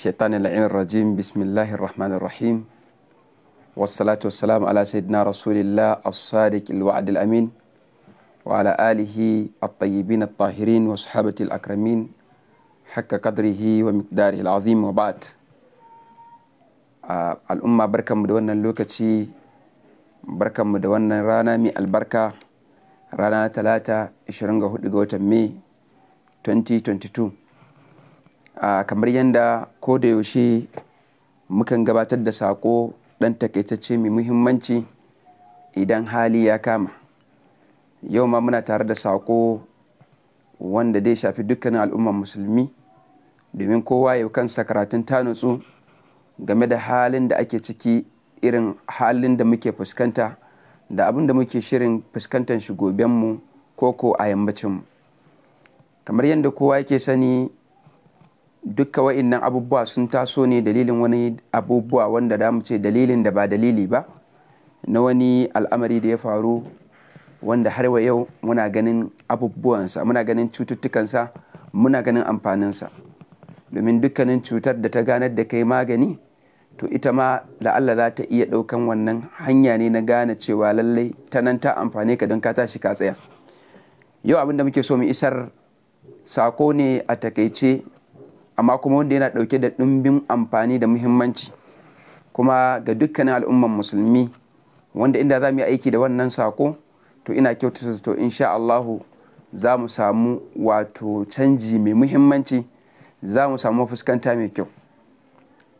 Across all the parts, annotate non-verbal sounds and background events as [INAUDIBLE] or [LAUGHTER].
الشيطان اللعين الرجيم بسم الله الرحمن الرحيم والصلاة والسلام على سيدنا رسول الله الصادق الوعد الأمين وعلى آله الطيبين الطاهرين وصحابة الأكرمين حق قدره ومقداره العظيم وبعد آه الأمة بركة مدونة لوكتي بركة مدونة رانا مي البركة رانا ثلاثة 24 ga watan Mai 2022 kamar yadda ko da yaushe mukan gabatar da sako ɗan takaitacce mai muhimmanci idan hali ya kama yau ma muna tare da sako wanda zai shafi dukkanin al'ummar musulmi domin kowa ya kan karatun ta nutsu game da halin da ake ciki irin halin da muke fuskanta da abin da muke shirin fuskantar shi gobenmu ko ko a yammacinmu kamar yadda kowa yake sani dukka wa'innan abubuwa sun taso ne dalilin wani abubuwa wanda da mu ce dalilin da ba dalili ba na wani al'amari da ya faru wanda har wa yau muna ganin abubuwansa muna ganin cututtukansa muna ganin amfaninsa domin dukkanin cutar da ta ganar da kai magani to ita ma la'alla za ta iya ɗaukan wannan hanya ne na gane cewa lallai ta nan ta amfane ka don ka tashi ka tsaya yau abin da muke so mu isar sako ne a takaice amma kuma wanda yana dauke da ɗumbin amfani da muhimmanci kuma ga dukkanin al'umman musulmi wanda inda za mu yi aiki da wannan sako to ina kyautata to insha Allahu za mu samu wato canji mai muhimmanci za mu samu fuskanta mai kyau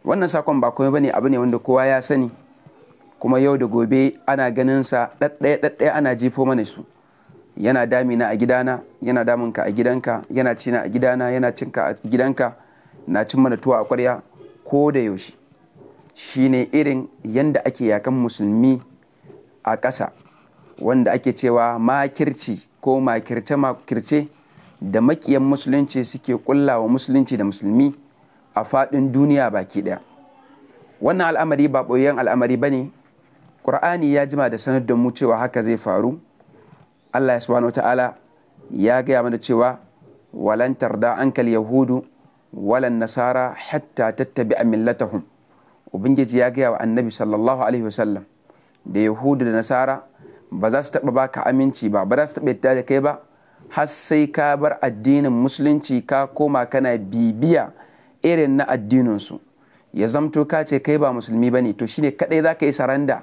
wannan sakon ba komai bane abu ne wanda kowa ya sani kuma yau da gobe ana ganin sa ɗaɗɗaya ɗaɗɗaya ana jifo mana su yana damina a gidana yana damunka a gidanka yana cina a gidana yana cinka a gidanka na cin mana tuwa a kwarya ko da yaushe shine irin yanda ake yakan musulmi a ƙasa wanda ake cewa makirci ko makirce makirce da makiyan musulunci suke wa musulunci da musulmi a faɗin duniya baki ɗaya wannan al'amari ba ɓoyayyen al'amari ba ne ƙur'ani ya jima da sanar da mu cewa haka zai faru allah ya subhanahu ta'ala ya gaya mana cewa walantar da ankal yahudu walan nasara hatta tattabi a millatahum ubangiji ya gaya wa annabi sallallahu alaihi wasallam da yahudu da nasara ba za su taɓa baka aminci ba ba za su taɓa yadda da kai ba har sai ka bar addinin musulunci ka koma kana bibiya irin na addininsu ya zamto ka ce kai ba musulmi ba ne to shine kaɗai za ka yi saranda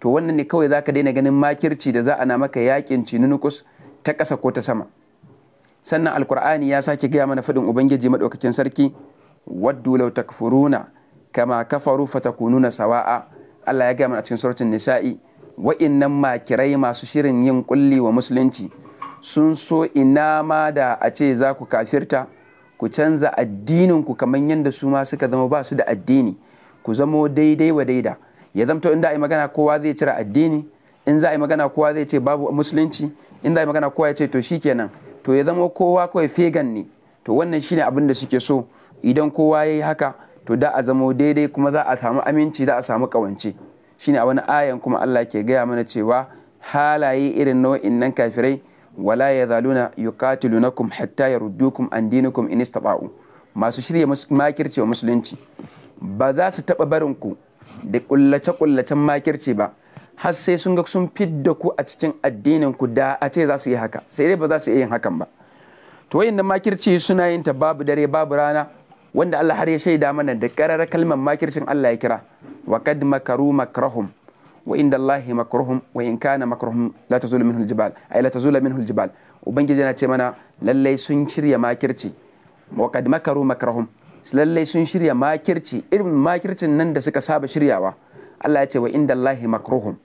to wannan ne kawai za ka daina ganin makirci da za a na maka yakin cinunukus ta ƙasa ko ta sama sannan alkur'ani ya sake gaya mana faɗin ubangiji maɗaukakin sarki waddu law takfuruna kama kafaru fatakununa sawa'a Allah ya gaya mana a cikin suratul nisa'i wa'innan makirai masu shirin yin kulli wa musulunci sun so ina ma da a ce za ku kafirta ku canza addinin ku kamar yadda su ma suka zama ba su da addini ku zamo daidai wa daida ya zamto in da yi magana kowa zai cire addini in za a yi magana kowa zai ce babu musulunci in za a yi magana kowa ya ce to shikenan to ya zama kowa kawai fegan ne to wannan shine abin da suke so idan kowa ya yi haka to da a zamo daidai kuma za a samu aminci za a samu kawance shine a wani ayan kuma Allah ke gaya mana cewa halaye irin nau'in innan kafirai wala ya zaluna yuqatilunakum hatta yaruddukum an dinikum in istata'u masu shirya makirce wa musulunci ba za su taɓa barinku da kullace-kullacen makirci ba har sai sun ga sun fidda ku a cikin addinin ku da a ce za su yi haka sai dai ba za su yi yin hakan ba to wayannan makirci suna yin ta babu dare babu rana wanda Allah har ya shaida mana da karar kalmar makircin Allah ya kira wa kad makaru makrahum wa inda Allah makruhum wa in kana makruhum la tazulu minhu aljibal ay la tazulu minhu aljibal ubangiji yana ce mana lallai sun shirya makirci wa kad makaru makrahum lallai sun shirya makirci irin makircin nan da suka saba shiryawa Allah ya ce wa inda Allah makruhum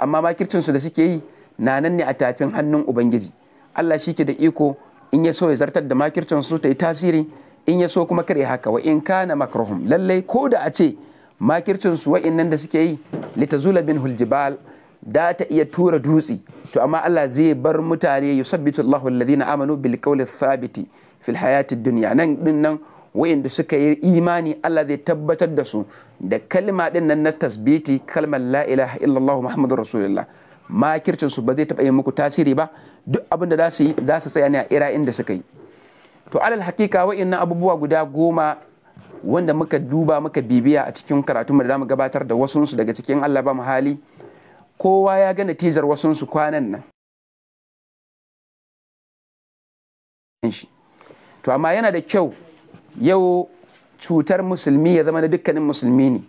amma makircinsu da suke yi na nan ne a tafin hannun ubangiji allah shi ke da iko in ya so ya zartar da makircinsu ta yi tasiri in ya so kuma kare haka wa in kana makrahum lallai ko da a ce makircinsu wa'innan da suke yi litazula bin huljibal da ta iya tura dutse to amma Allah zai bar mutane yusabbitu Allahu alladhina amanu bil qawli thabiti fil hayati dunya nan din nan wa'inda suka yi imani Allah zai tabbatar da su da kalma din nan na tasbiti kalmar la ilaha illallah muhammadur rasulullah makircin su ba zai taba yi muku tasiri ba duk abin da za su yi za su tsaya ne a ira inda suka yi to alal hakika wa'innan abubuwa guda goma wanda muka duba muka bibiya a cikin karatu da zamu gabatar da wasunsu daga cikin Allah ba mu hali kowa ya ga natijar wasunsu kwanan nan to amma yana da kyau yau cutar musulmi ya zama na dukkanin musulmi ne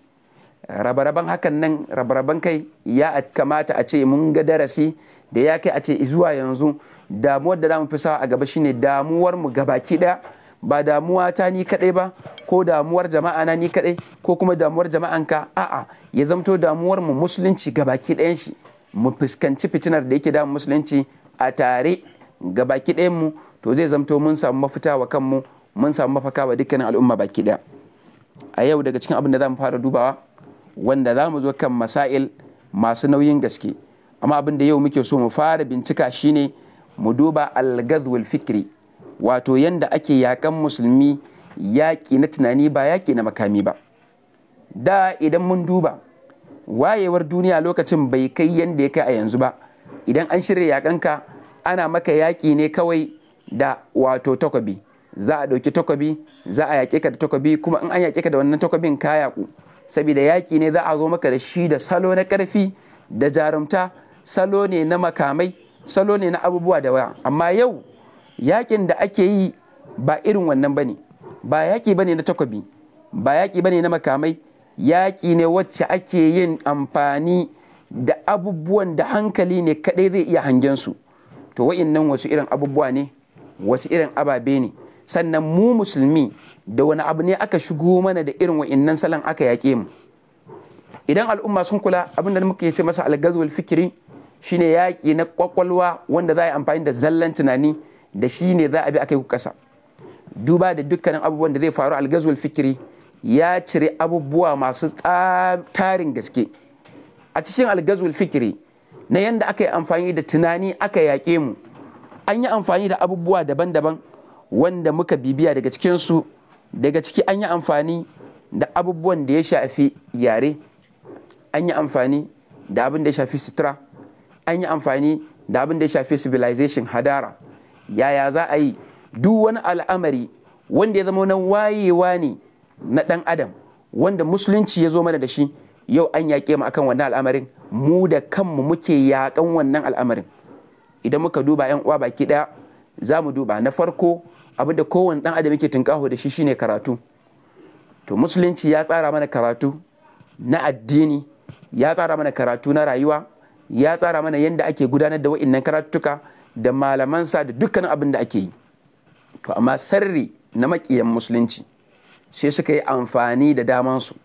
rabaraban hakan nan rabaraban kai ya kamata a ce mun ga darasi da ya kai a ce zuwa yanzu damuwar da zamu fi sawa a gaba shine damuwar mu gaba daya ba damuwa ta ni kadai ba ko damuwar jama'a na ni kadai ko kuma damuwar jama'an ka. a'a ya zamto damuwar mu musulunci gaba dayan shi mu fuskanci fitinar da yake damun musulunci a tare gaba dayan mu to zai zamto mun samu mafita wa kanmu mun samu mafaka wa dukkanin al'umma baki daya a yau daga cikin abin da za mu fara dubawa wanda za mu zo kan masail masu nauyin gaske amma abin da yau muke so mu fara bincika shine mu duba algazwul fikri wato yanda ake yakan musulmi yaƙi na tunani ba yaƙi na makami ba da idan mun duba wayewar duniya lokacin bai kai yanda ya kai a yanzu ba idan an shirya yakanka ana maka yaƙi ne kawai da wato takwabi za a ɗauki takobi za a yaƙe ka da takobi kuma in an yaƙe ka da wannan takobin ka yaƙu saboda yaƙi ne za a zo maka da shi da salo na ƙarfi da jarumta salo ne na makamai salo ne na abubuwa da waya amma yau yaƙin da ake yi ba irin wannan bane ba yaƙi bane na takobi ba yaƙi bane na makamai yaƙi ne wacce ake yin amfani da abubuwan da hankali ne kaɗai zai iya hangen su to wa'innan wasu irin abubuwa ne wasu irin ababe ne sannan mu musulmi da wani abu ne aka shigo mana da irin wa'innan salon aka yaƙe mu idan al'umma sun kula abinda da muke ce masa algazul fikiri shine yaƙi na kwakwalwa wanda za a yi amfani da zallan tunani da shi ne za a bi aka yi kasa duba da dukkanin abubuwan da zai faru algazul fikiri ya cire abubuwa masu tarin gaske a cikin algazul fikiri na yadda aka yi amfani da tunani aka yaƙe mu an yi amfani da abubuwa daban-daban wanda muka bibiya daga cikinsu daga ciki an yi amfani da abubuwan da ya shafi yare an yi amfani da abin da ya shafi sutura an yi amfani da abin da ya shafi civilization hadara yaya za a yi duk wani al'amari wanda ya zama nan wayewa ne na ɗan adam wanda musulunci ya zo mana da shi yau an yaƙe mu akan wannan al'amarin mu da kanmu muke yaƙan wannan al'amarin idan muka duba 'yan uwa baki ɗaya za mu duba na farko abin da kowane dan adam yake tunkaho da shi shine karatu to musulunci ya tsara mana karatu na addini ya tsara mana karatu na rayuwa ya tsara mana yadda ake gudanar da wa'innan karatuka da malamansa da dukkanin abin da ake yi to amma sarri na makiyan musulunci sai suka yi amfani da damansu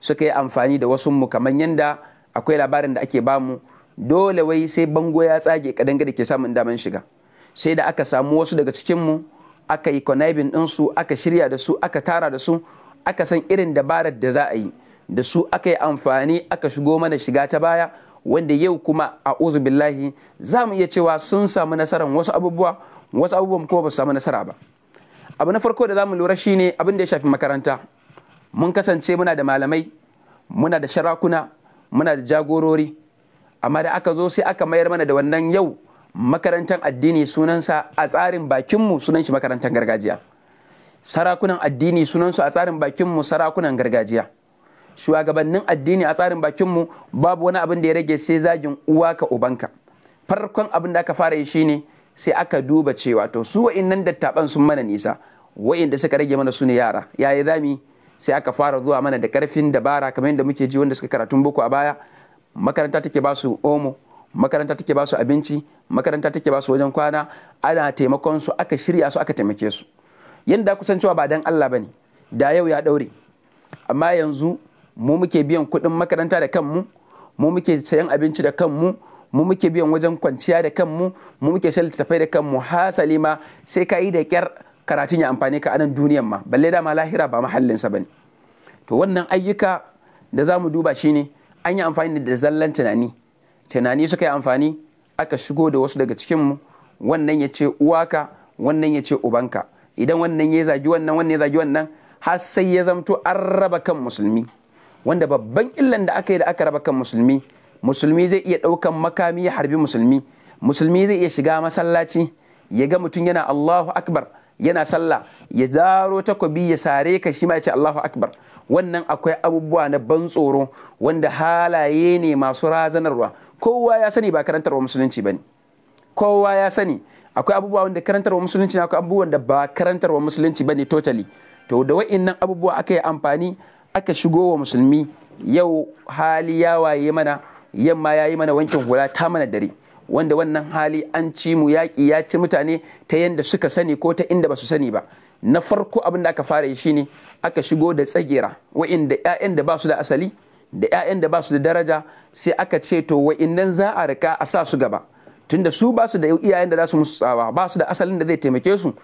suka yi amfani da wasu mu kamar yadda akwai labarin da ake bamu dole wai sai bango ya tsage kadan da ke samun daman shiga sai da aka samu wasu daga cikinmu mu aka yi conniving ɗinsu aka shirya da su aka tara da su aka san irin dabarar da za a yi da su aka yi amfani aka shigo mana shiga ta baya wanda yau kuma a billahi za mu iya cewa sun samu nasarar wasu abubuwa wasu abubuwan kuma ba su samu nasara ba abu na farko da za mu lura shine abin da ya shafi makaranta mun kasance muna da malamai muna da sharakuna muna da jagorori amma da aka zo sai aka mayar mana da wannan yau makarantar addini sunansa a tsarin bakinmu sunan shi makarantar gargajiya sarakunan addini sunansu a tsarin bakinmu sarakunan gargajiya shugabannin addini a tsarin bakinmu babu wani abin da ya rage sai zagin uwa ka ubanka farkon abin da aka fara yi ne sai aka duba cewa to su wa'innan dattaban sun mana nisa wa'inda suka rage mana su ne yara yayi zami sai aka fara zuwa mana da karfin dabara kamar yadda muke ji wanda suka karatun boko a baya makaranta take ba su omo makaranta take ba su abinci makaranta take ba su wajen kwana ana taimakon su aka shirya su aka taimake su yanda kusan cewa ba dan Allah bane da yau ya daure amma yanzu mu muke biyan kuɗin makaranta da kanmu mu muke sayan abinci da kanmu mu muke biyan wajen kwanciya da kanmu mu muke sayan littattafai da kanmu hasali ma sai ka yi da kyar karatun ya amfani ka anan duniyan ma balle da ma lahira ba mahallinsa bane to wannan ayyuka da za mu duba shine an yi amfani da zallan tunani tunani suka yi amfani aka shigo da wasu daga cikinmu wannan ya ce uwaka wannan ya ce ubanka idan wannan ya zagi wannan wannan ya zagi wannan har sai ya zamto an raba kan musulmi wanda babban illan da aka yi da aka raba kan musulmi musulmi zai iya ɗaukan makami ya harbi musulmi musulmi zai iya shiga masallaci ya ga mutum yana Allahu akbar yana sallah ya zaro takobi ya sare ka shi ma ya ce Allahu akbar wannan akwai abubuwa na ban tsoro wanda halaye ne masu razanarwa kowa ya sani ba karantarwa musulunci ba ne kowa ya sani akwai abubuwa wanda karantarwa musulunci na akwai abubuwan da ba karantarwa musulunci ba ne totally to da wa'innan abubuwa aka yi amfani aka shigo wa musulmi yau hali ya waye mana yamma ya yi mana wankin hula ta mana dare wanda wannan hali an ci mu yaƙi ya ci mutane ta yanda suka sani ko ta inda ba su sani ba na farko abin da aka fara yi shine aka shigo da tsagera wa'inda 'ya'yan da ba su da asali da 'ya'yan da ba su da daraja sai aka ce to wa'innan za a rika a sa su gaba tunda su ba su da iyayen da za su musu tsawa ba su da asalin da zai taimake su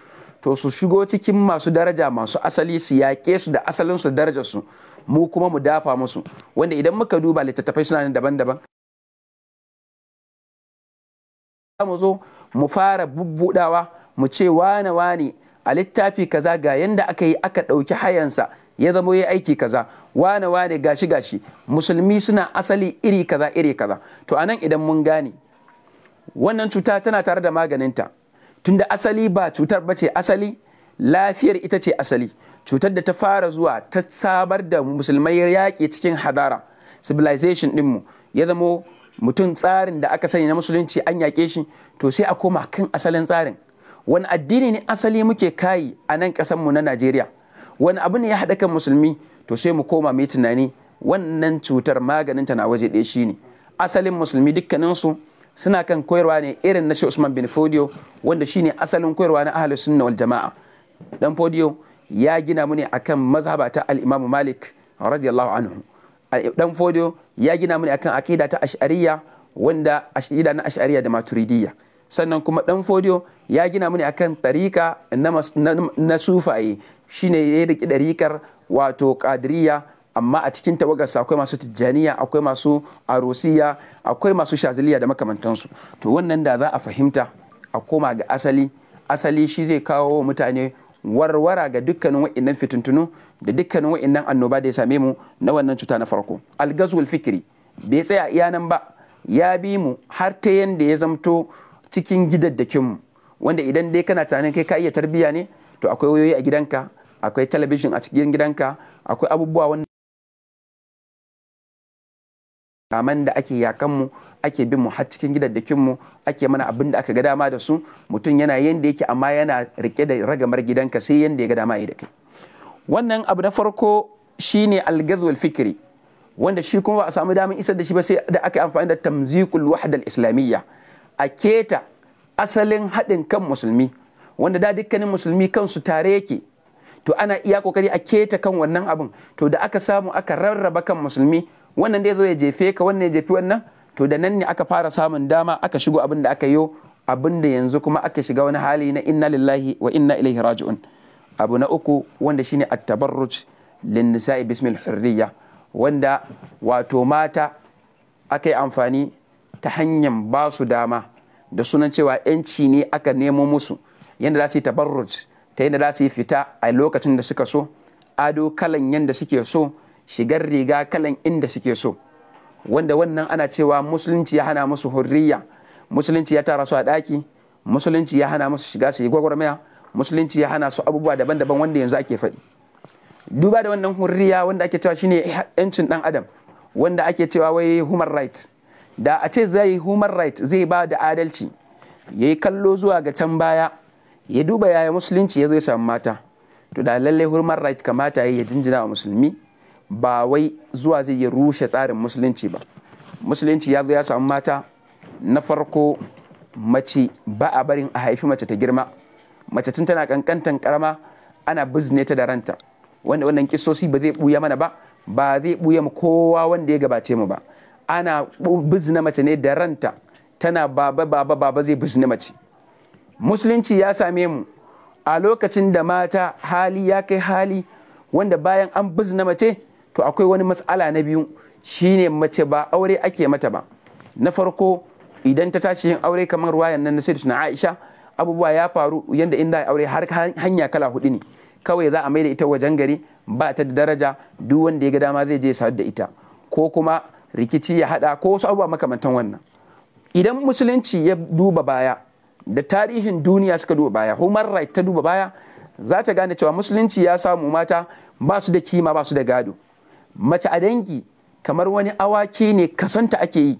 to su shigo cikin masu daraja masu asali su yaƙe su da asalin su darajar su mu kuma mu dafa musu wanda idan muka duba littattafai suna daban-daban mu zo mu fara bubbudawa mu ce wane wane a littafi kaza ga yanda aka yi aka ɗauki hayansa ya zamo ya aiki kaza wane wane gashi gashi musulmi suna asali iri kaza iri kaza to anan idan mun gane wannan cuta tana tare da maganinta tunda asali ba cutar ba ce asali lafiyar ita ce asali cutar da ta fara zuwa ta sabar da musulmai yaƙi cikin hadara civilization ɗinmu ya zamo mutum tsarin da aka sani na musulunci an yaƙe shi to sai a koma kan asalin tsarin wani addini ne asali muke kayi a nan ƙasanmu na najeriya wani abu ne ya haɗa kan musulmi to sai mu koma mu tunani wannan cutar maganinta na waje ɗaya shine asalin musulmi dukkaninsu suna kan koyarwa ne irin na Sheikh Usman bin Fodio wanda shine asalin koyarwa na Ahlus Sunna wal Jama'a dan Fodio ya gina mu ne akan mazhaba ta al-Imam Malik radiyallahu anhu dan Fodio ya gina mu ne akan aqida ta Ash'ariyya wanda ashida na ashariya da Maturidiyya sannan kuma dan Fodio ya gina mu ne akan tarika na, na, na sufaye shine ya riki ɗarikar wato kadiriya. amma a cikin tawagarsa akwai masu tijjaniya akwai masu arosiya akwai masu shaziliya da makamantansu to wannan da za a fahimta a koma ga asali asali shi zai kawo mutane warwara ga dukkanin wa'innan fitintunu da dukkanin wa'innan annoba da ya same mu na wannan cuta na farko algazul fikiri bai tsaya iya nan ba ya bi mu har ta yanda ya zamto cikin gidaddakin mu wanda idan dai kana tunanin kai ka iya tarbiya ne to akwai wayoyi a gidanka akwai talabijin a cikin gidanka akwai abubuwa wanda kaman da ake yakan mu ake bin mu har cikin gidaddakin mu ake mana abin da aka ga dama da su mutum yana yanda yake amma yana rike da ragamar gidanka sai yanda ya ga dama da kai wannan abu na farko shine algazwal fikri wanda shi kuma ba a samu damin isar da shi ba sai da aka amfani da tamzikul wahdal islamiyya a keta asalin haɗin kan musulmi wanda da dukkanin musulmi kansu tare yake to ana iya kokari a keta kan wannan abin to da aka samu aka rarraba kan musulmi wannan da ya zo ya jefe ka wannan ya jefi wannan to da nan ne aka fara samun dama aka shigo abin da aka yi abin da yanzu kuma aka shiga wani hali na inna lillahi wa inna ilaihi raji'un abu na uku wanda shine at-tabarruj lin nisa'i bismil hurriya wanda wato mata aka yi amfani ta hanyar ba su dama da sunan cewa yanci ne aka nemo musu yadda za su yi tabarruj ta yadda za su yi fita a lokacin da suka so ado kalan yadda suke so shigar riga kalan inda suke so wanda wannan ana cewa musulunci ya hana musu hurriya musulunci ya tara su a ɗaki musulunci ya hana musu shiga su yi gwagwarmaya musulunci ya hana su abubuwa daban-daban wanda yanzu ake faɗi duba da wannan hurriya wanda ake cewa shine yancin ɗan adam wanda ake cewa wai human right da a ce zai human right zai ba da adalci ya yi kallo zuwa ga can baya ya duba yaya musulunci ya zo ya samu mata to da lallai human right kamata ya jinjina wa musulmi ba wai zuwa zai ya rushe tsarin musulunci ba musulunci ya zo ya samu mata na farko mace ba a barin a haifi mace ta girma mace tun tana kankantan karama ana bizne ta da ranta wanda wannan kisosi ba zai buya mana ba ba zai buya mu kowa wanda ya gabace mu ba ana bizne mace ne da ranta tana baba baba baba zai bizne mace musulunci ya same mu a lokacin da mata hali ya kai hali wanda bayan an na mace to akwai wani matsala na biyu shine mace ba aure ake mata ba na farko idan ta tashi yin aure kamar wayan nan na sayyidatuna Aisha abubuwa ya faru yadda inda aure har hanya kala hudu ne kawai za a mai da ita wajen gari ba ta da daraja duk wanda ya ga dama zai je sadu da ita ko kuma rikici ya hada ko wasu abubuwa makamantan wannan idan musulunci ya duba baya da tarihin duniya suka duba baya human right ta duba baya za ta gane cewa musulunci ya samu mata ba su da kima ba su da gado mace a dangi kamar wani awaki ne kasanta ake yi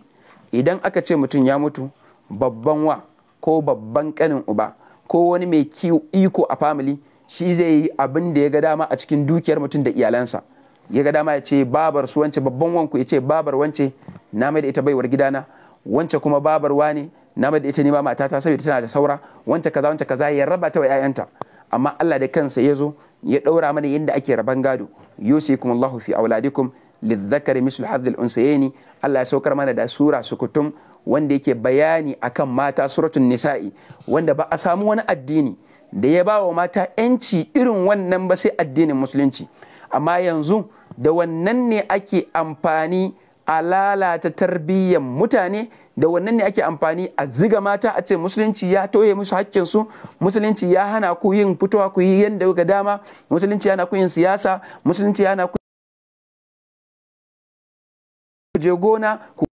idan aka ce mutum ya mutu babban wa ko babban kanin uba ko wani mai iko a family shi zai yi abin da ya ga dama a cikin dukiyar mutum da iyalansa ya ga dama ya ce babar su wance babban wanku ya ce babar wance na mai da ita baiwar gidana wance kuma babar wane na mai da ita nima matata saboda tana da saura wancan kaza wancan kaza ya raba ta wa 'ya'yanta amma Allah da kansa ya zo ya ɗaura mana yadda ake raban gado yusikum Allahu fi auladikum lizzakari mislu hadhil unsayni Allah ya saukar mana da sura sukutum wanda yake bayani akan mata suratun nisa'i wanda ba a samu wani addini da ya bawa mata yanci irin wannan ba sai addinin musulunci amma yanzu da wannan ne ake amfani a lalata tarbiyyar mutane da wannan ne ake amfani a ziga mata a ce musulunci ya toye musu hakkinsu musulunci ya hana ku yin fitowa ku yi yadda ga dama musulunci ya hana ku yin siyasa musulunci ya hana ku je gona ku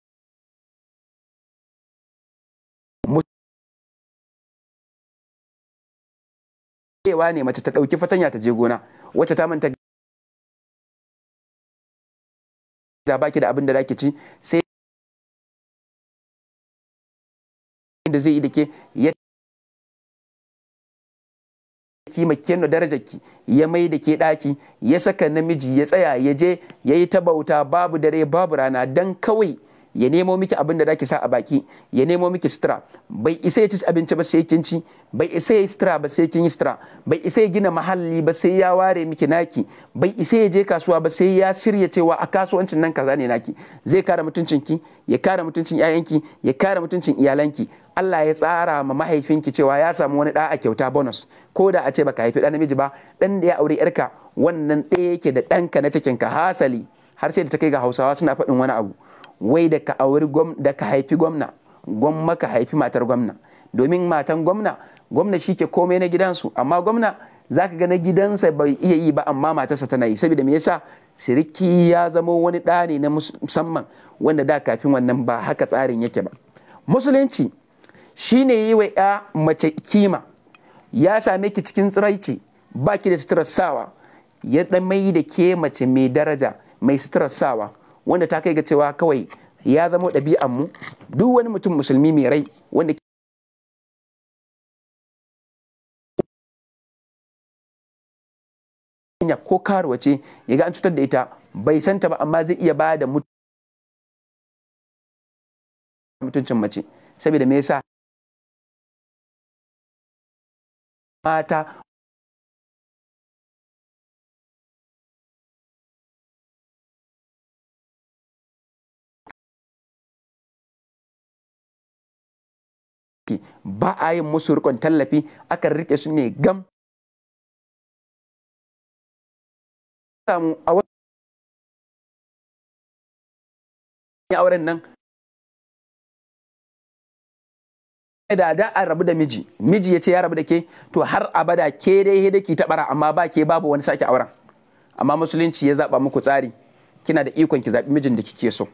ne mace ta ɗauki fatanya ta je gona wacce ta manta da baki da abin da zaki ci sai da zai yi da ke ya kima kenno darajar ki ya mai da ke daki ya saka namiji ya tsaya ya je ya yi ta bauta babu dare babu rana dan kawai ya nemo miki abin da zaki sa a baki ya nemo miki sutura bai isa ya ci abinci ba sai kin ci bai isa ya yi sutura ba sai kin yi sutura bai isa ya gina mahalli ba sai ya ware miki naki bai isa ya je kasuwa ba sai ya shirya cewa a kasuwancin nan kaza ne naki zai kare mutuncin ki ya kare mutuncin 'ya'yanki ya kare mutuncin iyalanki Allah ya tsara ma mahaifinki cewa ya samu wani ɗa a kyauta bonus ko da a ce baka haifi ɗan namiji ba ɗan da ya aure yarka wannan ɗaya yake da ɗanka na cikinka hasali har sai da ta kai ga hausawa suna faɗin wani abu wai da ka auri da ka haifi gwamna gwamma ka haifi matar gwamna domin matan gwamna gwamna shi ke komai na gidansu amma gwamna za ka ga na gidansa bai iya yi ba amma matarsa tana yi saboda me yasa siriki ya zama wani ɗa ne na musamman wanda da kafin wannan ba haka tsarin yake ba musulunci shine yi wa ya mace kima ya same ki cikin tsiraici baki da suturar sawa ya mai da ke mace mai daraja mai suturar sawa wanda ta kai ga cewa kawai ya zama ɗabi'an mu duk wani mutum musulmi mai rai wanda hanya ko karuwa ce ya ga an cutar da ita bai santa ba amma zai iya ba da mutuncin mace saboda me yasa mata tallafi ba a yin musu rikon tallafi akan rike su ne gam samu a nan da da a rabu da miji miji ya ce ya rabu da ke to har abada ke dai da ki tabara amma ba ke babu wani sake auren amma musulunci ya zaba muku tsari kina da ikon ki zaɓi mijin da kike so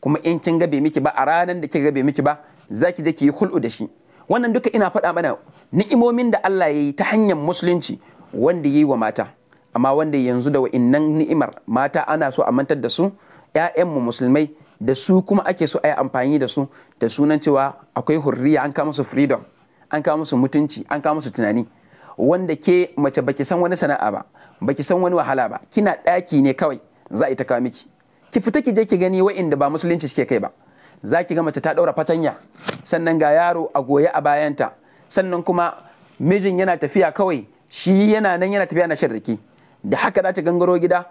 kuma in kin gabe miki ba a ranar da kika gabe miki ba zaki je ki yi hulɗu da shi wannan duka ina faɗa mana ni'imomin da Allah ya yi ta hanyar musulunci wanda ya yi wa mata amma wanda yanzu da wa'innan ni'imar mata ana so a mantar da su mu musulmai da su kuma ake so a yi amfani da su da sunan cewa akwai hurriya an kama su freedom an kama su mutunci an kama su tunani wanda ke mace baki san wani sana'a ba baki san wani wahala ba kina ɗaki ne kawai za a yi ta kawo miki ki fita ki je ki gani wa'inda ba musulunci suke kai ba za ki ga mace ta ɗaura fatanya sannan ga yaro a goye a bayanta sannan kuma mijin yana tafiya kawai shi yana nan yana tafiya na sharriki da haka za ta gangaro gida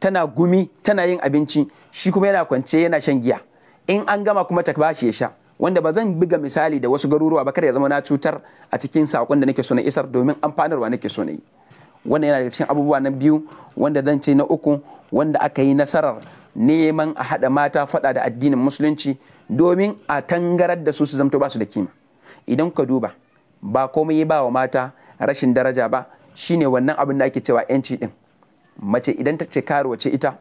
tana gumi tana yin abinci shi kuma yana kwance yana shan giya in an gama kuma ta bashi ya sha wanda ba zan buga misali da wasu garuruwa ba kada ya zama na cutar a cikin sakon da nake so na isar domin amfanarwa nake so na yi wannan yana daga cikin abubuwa na biyu wanda zan ce na uku wanda aka yi nasarar neman a haɗa mata faɗa da addinin musulunci domin a tangarar da su su zamto ba su da kima idan ka duba ba komai ba wa mata rashin daraja ba shine wannan abin da ake cewa yanci din mace idan ta ce karuwace ita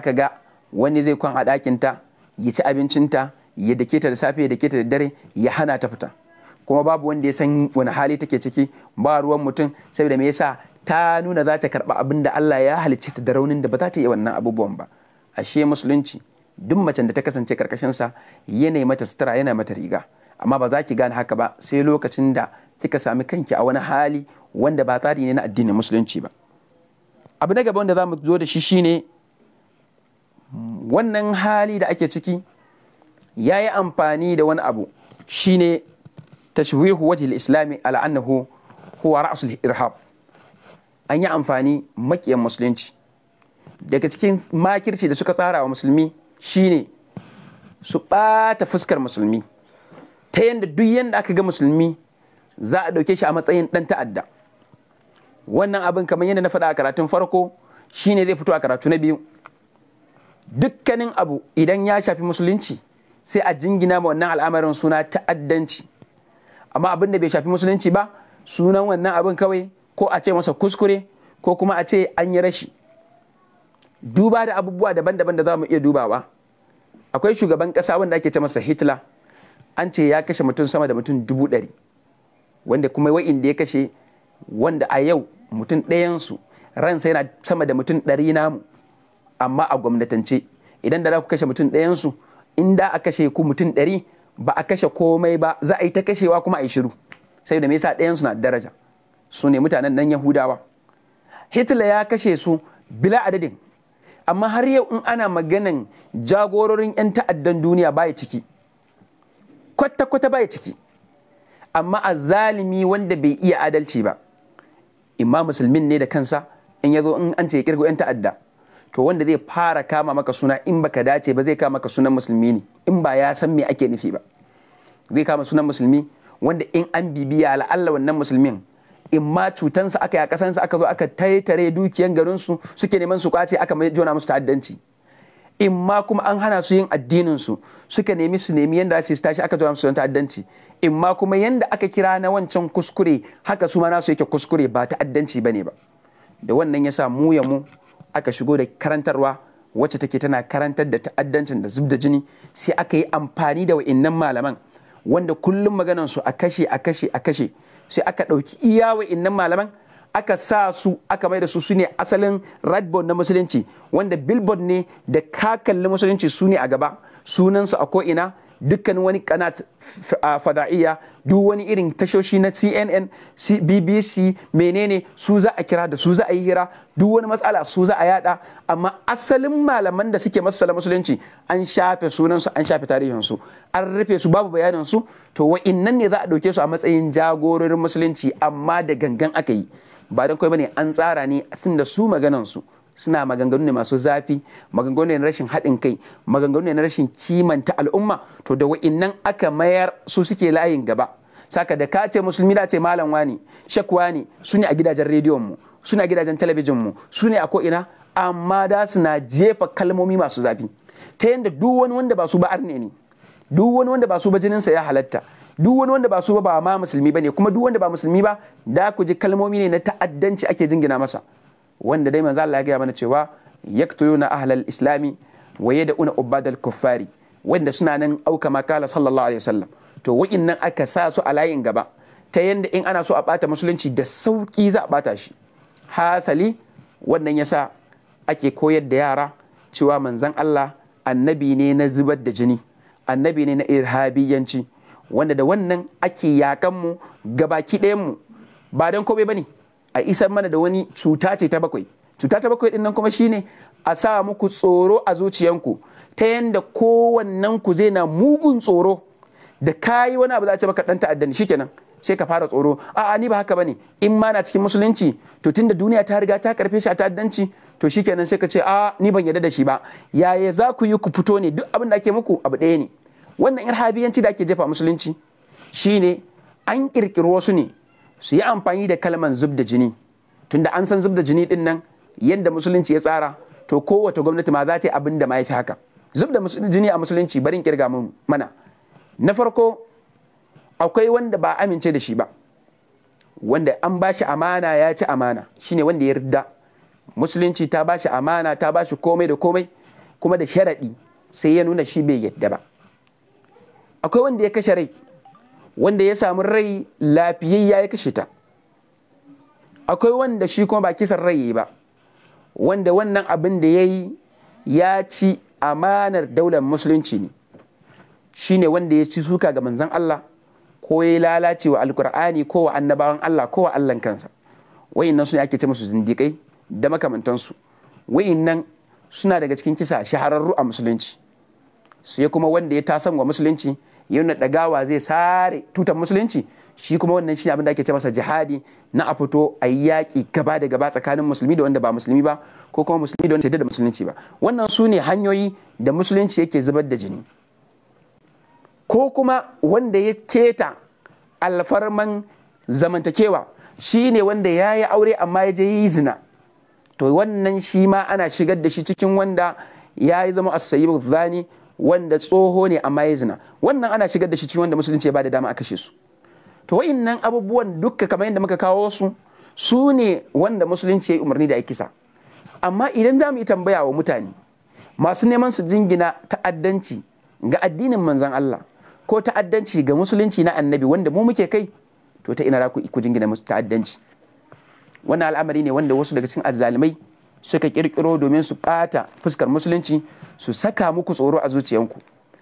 ka ga wani zai kwan a ɗakinta ya ci abincinta ya dake ta da safe ya dake ta da dare ya hana ta fita kuma babu wanda ya san wani hali take ciki ba ruwan mutum saboda me yasa ta nuna za ta karɓa abin da Allah ya halicce ta da raunin da ba za ta yi wannan abubuwan ba ashe musulunci duk macen da ta kasance karkashinsa yana mata sutura yana mata riga amma ba za ki gane haka ba sai lokacin da kika sami kanki a wani hali wanda ba tsari ne na addinin musulunci ba abu na gaba wanda za mu zo da shi shine wannan hali da ake ciki ya yi amfani da wani abu shine tashwihu wajhi islami ala annahu huwa ra'asul irhab an yi amfani makiyan musulunci daga cikin makirci da suka tsara wa musulmi shine su ɓata fuskar musulmi ta yadda duk yadda aka ga musulmi za a ɗauke shi a matsayin ɗan ta'adda wannan abin kamar yadda na faɗa a karatun farko shine zai fito a karatu na biyu dukkanin abu idan ya shafi musulunci sai a jingina ma wannan al'amarin suna ta'addanci amma abin da bai shafi musulunci ba sunan wannan abin kawai ko a ce masa kuskure ko kuma a ce an yi rashi duba da abubuwa daban-daban da za mu iya dubawa akwai shugaban kasa wanda ake ce masa hitler an ce ya kashe mutum sama da mutum dubu ɗari wanda kuma wa'in da ya kashe wanda a yau mutum ɗayansu ransa yana sama da mutum ɗari namu amma a gwamnatance idan da za ku kashe mutum ɗayansu in da a kashe ku mutum ɗari ba a kashe komai ba za a yi ta kashewa kuma a yi shiru sai da me yasa ɗayansu na daraja su ne mutanen nan yahudawa hitler ya kashe su bila adadin amma har yau in ana maganan jagororin 'yan ta'addan duniya baya ciki kwata-kwata baya ciki amma a zalimi wanda bai iya adalci ba imma musulmin ne da kansa in ya zo in an ce kirgo 'yan ta'adda to wanda zai fara kama maka suna in baka dace ba zai kama maka sunan musulmi ne in ba ya san me ake nufi ba zai kama sunan musulmi wanda in an bibiya la'alla wannan musulmin in ma cutansa aka yi a ƙasansa aka zo aka taitare dukiyan su suke neman su kwace aka mai jona musu ta'addanci in ma kuma an hana su yin addininsu suka nemi su nemi yadda su tashi aka zo musu ta'addanci in ma kuma yadda aka kira na wancan kuskure haka su ma nasu yake kuskure ba ta'addanci ba ne ba da wannan ya sa mu ya mu aka shigo da karantarwa wacce take tana karantar da ta'addancin da zubda jini sai aka yi amfani da wa'innan malaman wanda kullum maganansu a kashe a kashe a kashe sai aka ɗauki iya wa'innan malaman aka sa su aka mai da su su ne asalin radboard na musulunci wanda billboard ne da ka kalli musulunci su ne a gaba sunansu a ko'ina Dukkan wani kanat fada'iya duk wani irin tashoshi na cnn bbc menene su za a kira da su za a yi hira duk wani matsala su za a yada amma asalin malaman da suke masala musulunci an shafe sunansu an shafe tarihinsu an rufe su babu bayaninsu to wa'innan ne za a ɗauke su a matsayin jagororin musulunci amma da gangan aka yi ba don kai bane an tsara ne a da su maganansu suna maganganu ne masu zafi maganganu ne na rashin haɗin kai maganganu ne na rashin kimanta al'umma to da wa'innan aka mayar su suke layin gaba saka da ka ce musulmi da ce malam wani shakwa ne su ne a gidajen rediyon mu su ne a gidajen talabijin mu su ne a ko'ina amma da su jefa kalmomi masu zafi ta yadda duk wani wanda ba su ba arne ne duk wani wanda ba su ba jininsa ya halatta duk wani wanda ba su ba ba ma musulmi bane kuma duk wanda ba musulmi ba da ku ji kalmomi ne na ta'addanci ake jingina masa wanda dai manzo Allah ya gaya mana cewa yaktuluna ahlal islami wa yad'una ubadal kuffari wanda suna nan auka makala sallallahu alaihi wasallam to wa'innan aka sa su a layin gaba ta yanda in ana so a bata musulunci da sauki za a bata shi hasali wannan yasa ake koyar da yara cewa manzon Allah annabi ne na zubar da jini annabi ne na irhabiyanci wanda da wannan ake yakan mu gabaki ɗayan mu ba don kobe bane a isar mana da wani cuta ce ta bakwai cuta ta bakwai din nan kuma shine a sa muku tsoro a zuciyanku ta yanda kowannen ku zai na mugun tsoro da kayi wani abu za a ce maka dan ta'adda ne shikenan sai ka fara tsoro a ni ba haka bane in ma na cikin musulunci to tunda duniya ta riga ta karfe shi a ta'addanci to shi shikenan sai ka ce a ni ban yarda da shi ba yaya za ku yi ku fito ne duk abin da ake muku abu ɗaya ne wannan irhabiyanci da ake jefa musulunci shine an kirkiri wasu ne su yi amfani da kalman zub da jini tunda an san zub da jini din nan yadda musulunci ya tsara to kowace gwamnati ma za ta yi abin da ma fi haka zub da jini a musulunci barin kirga mana na farko akwai wanda ba amince da shi ba wanda an ba shi amana ya ci amana shine wanda ya rida musulunci ta ba shi amana ta ba shi komai da komai kuma da sharaɗi sai ya nuna shi bai yadda ba akwai wanda ya kashe rai wanda ya samu rai lafiyayya ya kashe ta akwai wanda shi kuma ba kisan rai ya ba wanda wannan abin da ya yi ya ci amanar daular musulunci ne shi ne wanda ya ci suka ga manzan Allah ko ya lalace wa alkur'ani ko wa annabawan Allah ko wa Allahn kansa nan suna ake ce musu zindikai da makamantansu nan suna daga cikin kisa shahararru a musulunci sai kuma wanda ya tasan wa musulunci yau dagawa zai sare tutar musulunci shi kuma wannan shi abin da ake ce masa jihadi na a fito a yi yaƙi gaba da gaba tsakanin musulmi da wanda ba musulmi ba ko kuma musulmi da wanda da musulunci ba wannan su ne hanyoyi da musulunci yake zubar da jini ko kuma wanda ya keta alfarman zamantakewa shi ne wanda ya yi aure amma ya je yi zina to wannan shi ma ana shigar da shi cikin wanda ya yi zama asayi zani wanda tsoho ne amma ya zina wannan ana shigar da shi cikin wanda musulunci ya ba da dama a kashe su to wa'innan abubuwan dukka kamar yadda muka kawo su su ne wanda musulunci ya yi umarni da ya kisa amma idan za mu yi tambaya wa mutane masu neman su jingina ta'addanci ga addinin manzan Allah ko ta'addanci ga musulunci na annabi wanda mu muke kai to ta ina za ku jingina ta'addanci wannan al'amari ne wanda wasu daga cikin azzalumai suka kirkiro domin su bata fuskar musulunci su saka muku tsoro a zuciyanku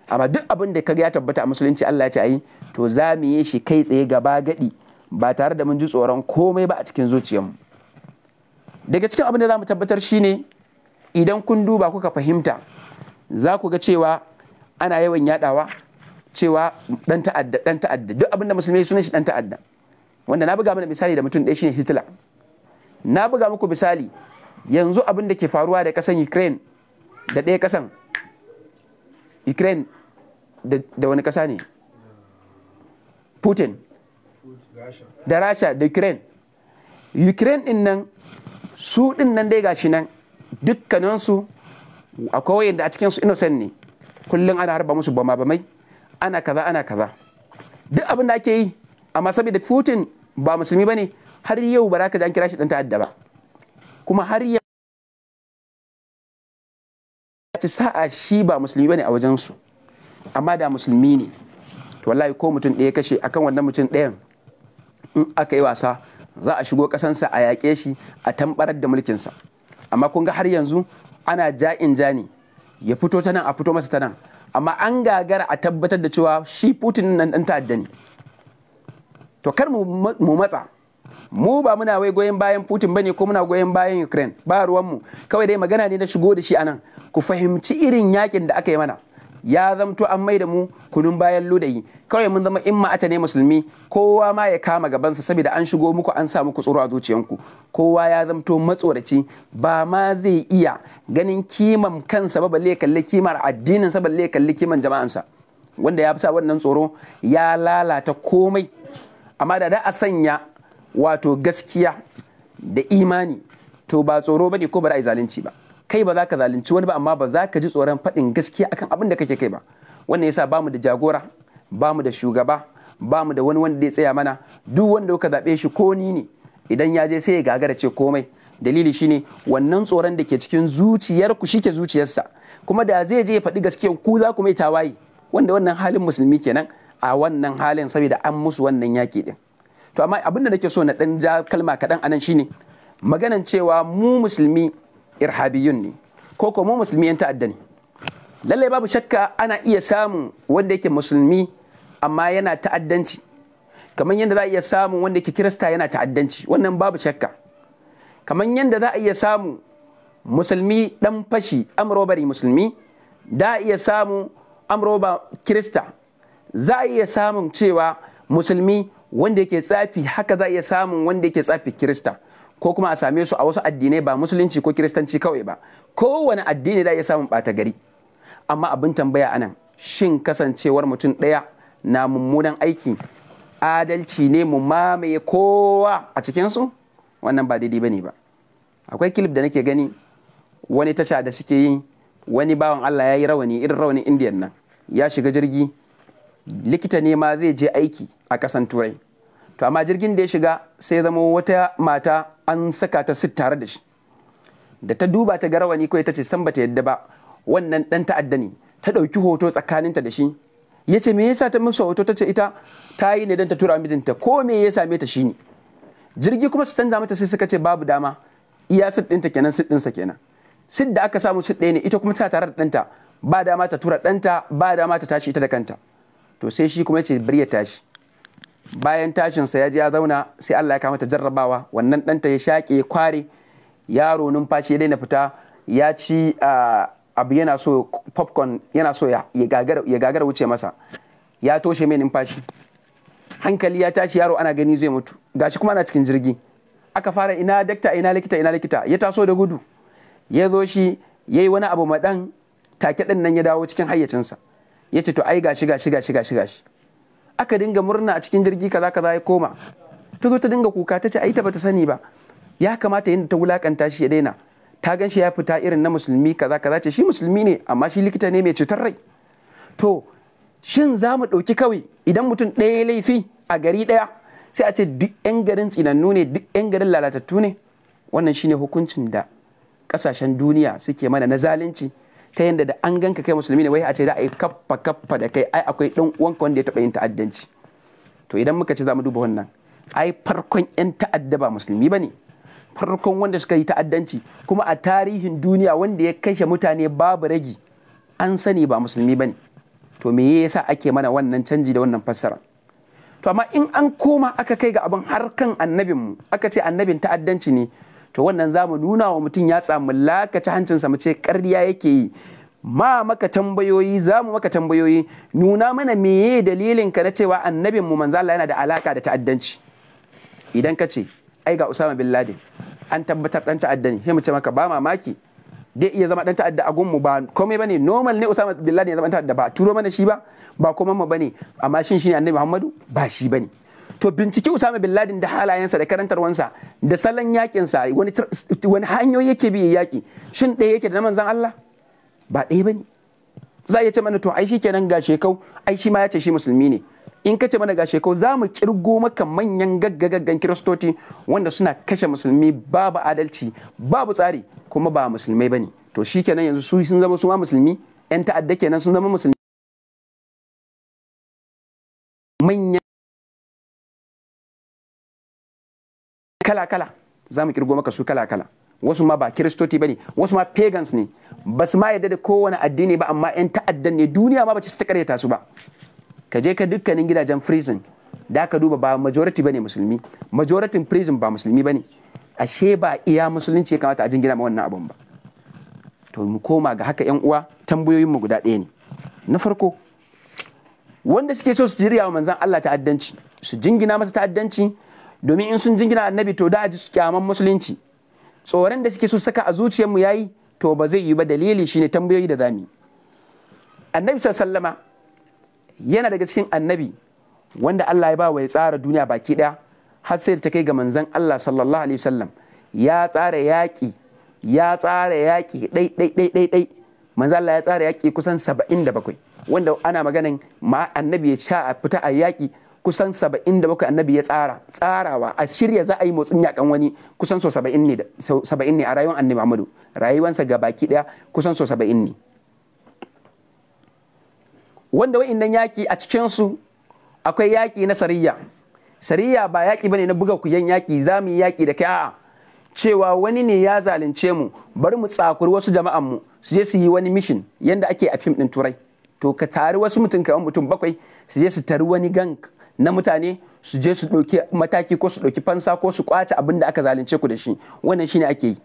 amma duk abin da kaga ya tabbata a musulunci Allah ya ce ayi to za mu yi shi kai tsaye gaba gadi ba tare da mun ji tsoron komai ba a cikin zuciyarmu daga cikin abin da za mu tabbatar shine idan kun duba kuka fahimta za ku ga cewa ana yawan yadawa cewa dan ta'adda dan ta'adda duk abin da musulmai sunan shi dan ta'adda wanda na buga mana misali da mutum ɗaya shine Hitler na buga muku misali yanzu abin da ke faruwa da kasan ukraine da ɗaya kasan ukraine da wani kasa ne putin da rasha da ukraine ukraine din nan su din nan dai gashi nan dukkaninsu akwai da a cikinsu innocent ne kullum ana harba musu bama mai. ana kaza ana kaza duk abin da ake yi amma saboda putin ba musulmi ba ne har yau ba za ka ji an kira shi ɗan ta'adda ba kuma har ya ci sa'a shi ba musulmi bane a wajensu amma da musulmi ne to wallahi ko mutum ɗaya kashe kan wannan mutum ɗayan in aka yi wasa za a shigo ƙasansa a yaƙe shi a tambarar da mulkinsa amma kun ga har yanzu ana ja'in jani ya fito ta nan a fito masa ta nan amma an gagara a tabbatar da cewa shi putin nan ɗan ta'adda ne to kar mu matsa mu ba muna wai goyon bayan Putin bane ko muna goyon bayan Ukraine ba ruwan mu. kawai dai magana ne na shigo da shi anan ku fahimci irin yakin da aka yi mana ya zamto an mai da mu kunun bayan ludayi kawai mun zama in ma'ata ne musulmi kowa ma ya kama gabansa saboda an shigo muku an sa muku tsoro a zuciyanku kowa ya zamto matsoraci ba ma zai iya ganin kiman kansa ba balle kalli kimar addinin sa balle kalli kiman sa. wanda ya fi sa wannan tsoro ya lalata komai amma da da a sanya wato gaskiya da imani to ba tsoro bane ko ba ra'ayi zalunci ba kai ba za ka zalunci wani ba amma ba za ka ji tsoron faɗin gaskiya akan abin da kake kai ba wannan yasa bamu da jagora bamu da shugaba bamu da wani wanda ya tsaya mana duk wanda kuka zaɓe shi ko ni ne idan ya je sai ya gagara ce komai dalili shine wannan tsoron da ke cikin zuciyar ku shike zuciyarsa kuma da zai je ya faɗi gaskiyan ku za ku mai tawaye wanda wannan halin musulmi kenan a wannan halin saboda an musu wannan yaki din to amma abin da nake so na dan ja kalma kaɗan anan shine maganan cewa mu musulmi irhabiyun ne ko ko mu musulmi yan ta'adda ne lalle babu shakka ana iya samun wanda yake musulmi amma yana ta'addanci kamar yadda za a iya samun wanda yake kirista yana ta'addanci wannan babu shakka kamar yadda za a iya samu musulmi dan fashi amrobari musulmi da a iya samu amroba kirista za a iya samun cewa musulmi wanda yake tsafi haka za a iya samun wanda yake tsafi kirista ko kuma a same su a wasu addinai ba musulunci ko kiristanci kawai ba kowane addini da iya samun ɓata gari amma abin tambaya anan shin kasancewar mutum ɗaya na mummunan aiki adalci ne mu mamaye kowa a cikinsu wannan ba daidai bane ba akwai kilif da nake gani wani tasha da suke yi wani bawan allah ya yi rawani irin rawanin indiyan nan ya shiga jirgi likita ne ma zai je aiki a kasan turai to amma jirgin da ya shiga sai zama wata mata an saka ta sit tare da shi da ta duba ta garawa ni kawai ta ce san bata yadda ba wannan dan ta'adda ne ta ɗauki hoto tsakaninta da shi ya ce me yasa ta musu hoto ta ce ita ta yi ne don ta tura mijinta ko me ya same ta shi ne jirgi kuma su canza mata sai suka ce babu dama iya sit ɗinta kenan sit ɗinsa kenan sit da aka samu sit ɗaya ne ita kuma ta tare da ɗanta ba dama ta tura ɗanta ba dama ta tashi ita da kanta to sai shi kuma ya ce bari ya tashi bayan tashin sa ya je ya zauna sai Allah ya kamata jarrabawa wannan ɗanta ya shaƙe ya kware yaro numfashi ya daina fita ya ci abu yana so popcorn yana so ya gagara wuce masa ya toshe mai numfashi hankali ya tashi yaro ana gani zai mutu gashi kuma ana cikin jirgi aka fara ina dakta ina likita ina likita ya taso da gudu ya zo shi ya yi wani abu maɗan take ɗin nan ya dawo cikin hayyacinsa ya ce to ai gashi gashi gashi gashi gashi aka dinga murna a cikin jirgi kaza kaza ya koma ta zo ta dinga kuka ta ce ai ta bata sani ba ya kamata yadda ta wulakanta shi ya daina ta gan shi ya fita irin na musulmi kaza kaza ce shi musulmi ne amma shi likita ne mai cutar rai to shin za mu ɗauki kawai idan mutum ɗaya ya laifi a gari ɗaya sai a ce duk 'yan garin tsinannu ne duk 'yan garin lalatattu ne wannan shine hukuncin da ƙasashen duniya suke mana na zalunci ta yadda da an ganka kai musulmi ne wai a ce za a yi kaffa kaffa da kai ai akwai dan uwanka wanda ya taba yin ta'addanci to idan muka ce za mu duba wannan ai farkon yan ta'adda ba musulmi bane farkon wanda suka yi ta'addanci kuma a tarihin duniya wanda ya kashe mutane babu ragi an sani ba musulmi bane to me yasa ake mana wannan canji da wannan fassara to amma in an koma aka kai ga abin harkan annabinmu aka ce annabin ta'addanci ne to wannan za mu nuna wa mutum ya tsamu lakaci hancinsa mu ce ƙarya yake yi ma maka tambayoyi za mu maka tambayoyi nuna mana meye dalilin ka na cewa annabin mu manzo Allah yana da alaka da ta'addanci idan ka ce ai ga Usama bin Laden an tabbatar dan ta'adda ne sai mu ce maka ba mamaki dai iya zama dan ta'adda a gunmu ba komai bane normal ne Usama bin Laden ya zama dan ta'adda ba turo mana shi ba ba kuma mu bane amma shin shine annabi Muhammadu ba shi bane to binciki Usama bin Laden da halayensa da karantarwansa da salon yakinsa wani wani hanyoyi yake bi yaki shin ɗaya yake da na manzon Allah ba ɗaya bane za a ce mana to ai kenan ga shekau ai shi ma ya ce shi musulmi ne in ka ce mana ga shekau za mu kirgo maka manyan gaggagaggan kiristoci wanda suna kashe musulmi babu adalci babu tsari kuma ba musulmai bane to shi kenan yanzu su sun zama su ma musulmi 'yan ta'adda kenan sun zama musulmi manyan kala kala za mu kirgo maka su kala kala wasu ma ba kiristoti ba ne wasu ma pagans ne ba su ma yadda da kowane addini ba amma 'yan ta'addan ne duniya ma ba ci ta karyata su ba ka je ka dukkanin gidajen prison da ka duba ba majority ba ne musulmi majority prison ba musulmi ba ne ashe ba iya musulunci ya kamata a jingina ma wannan abun ba to mu koma ga haka 'yan uwa tambayoyin mu guda ɗaya ne na farko wanda suke so su jirya wa manzan Allah ta'addanci su jingina masa ta'addanci domin in sun jingina annabi to da a ji kyaman musulunci tsoron da suke so saka a zuciyarmu yi to ba zai yi ba dalili shi ne tambayoyi da zami annabi sallama yana daga cikin annabi wanda Allah ya ba wa ya tsara duniya baki ɗaya. har sai da ta kai ga manzan Allah sallallahu alaihi wasallam ya tsara yaƙi ya tsara yaƙi ɗai ɗai ɗai ɗai ɗai Manzan Allah ya tsara yaƙi kusan saba'in da bakwai. wanda ana maganin ma annabi ya sha a fita a yaƙi kusan saba'in da bakwai annabi ya tsara tsarawa a shirya za a yi motsin yakan wani kusan so saba'in ne a rayuwar annabi Muhammadu rayuwarsa ga baki daya kusan so saba'in ne wanda wa'innan yaki a cikinsu akwai yaƙi na sariya sariya ba yaki bane na buga kuyan yaki za mu yi yaki da kai a'a cewa wani ne ya zalunce mu bari mu tsakuri wasu jama'an mu su je su yi wani mishin yadda ake a fim ɗin turai to ka tari wasu mutum kamar mutum bakwai su je su tari wani gang na mutane su je su ɗauki mataki ko su ɗauki fansa ko su kwace abin da aka zalunce ku da shi wannan shine ake yi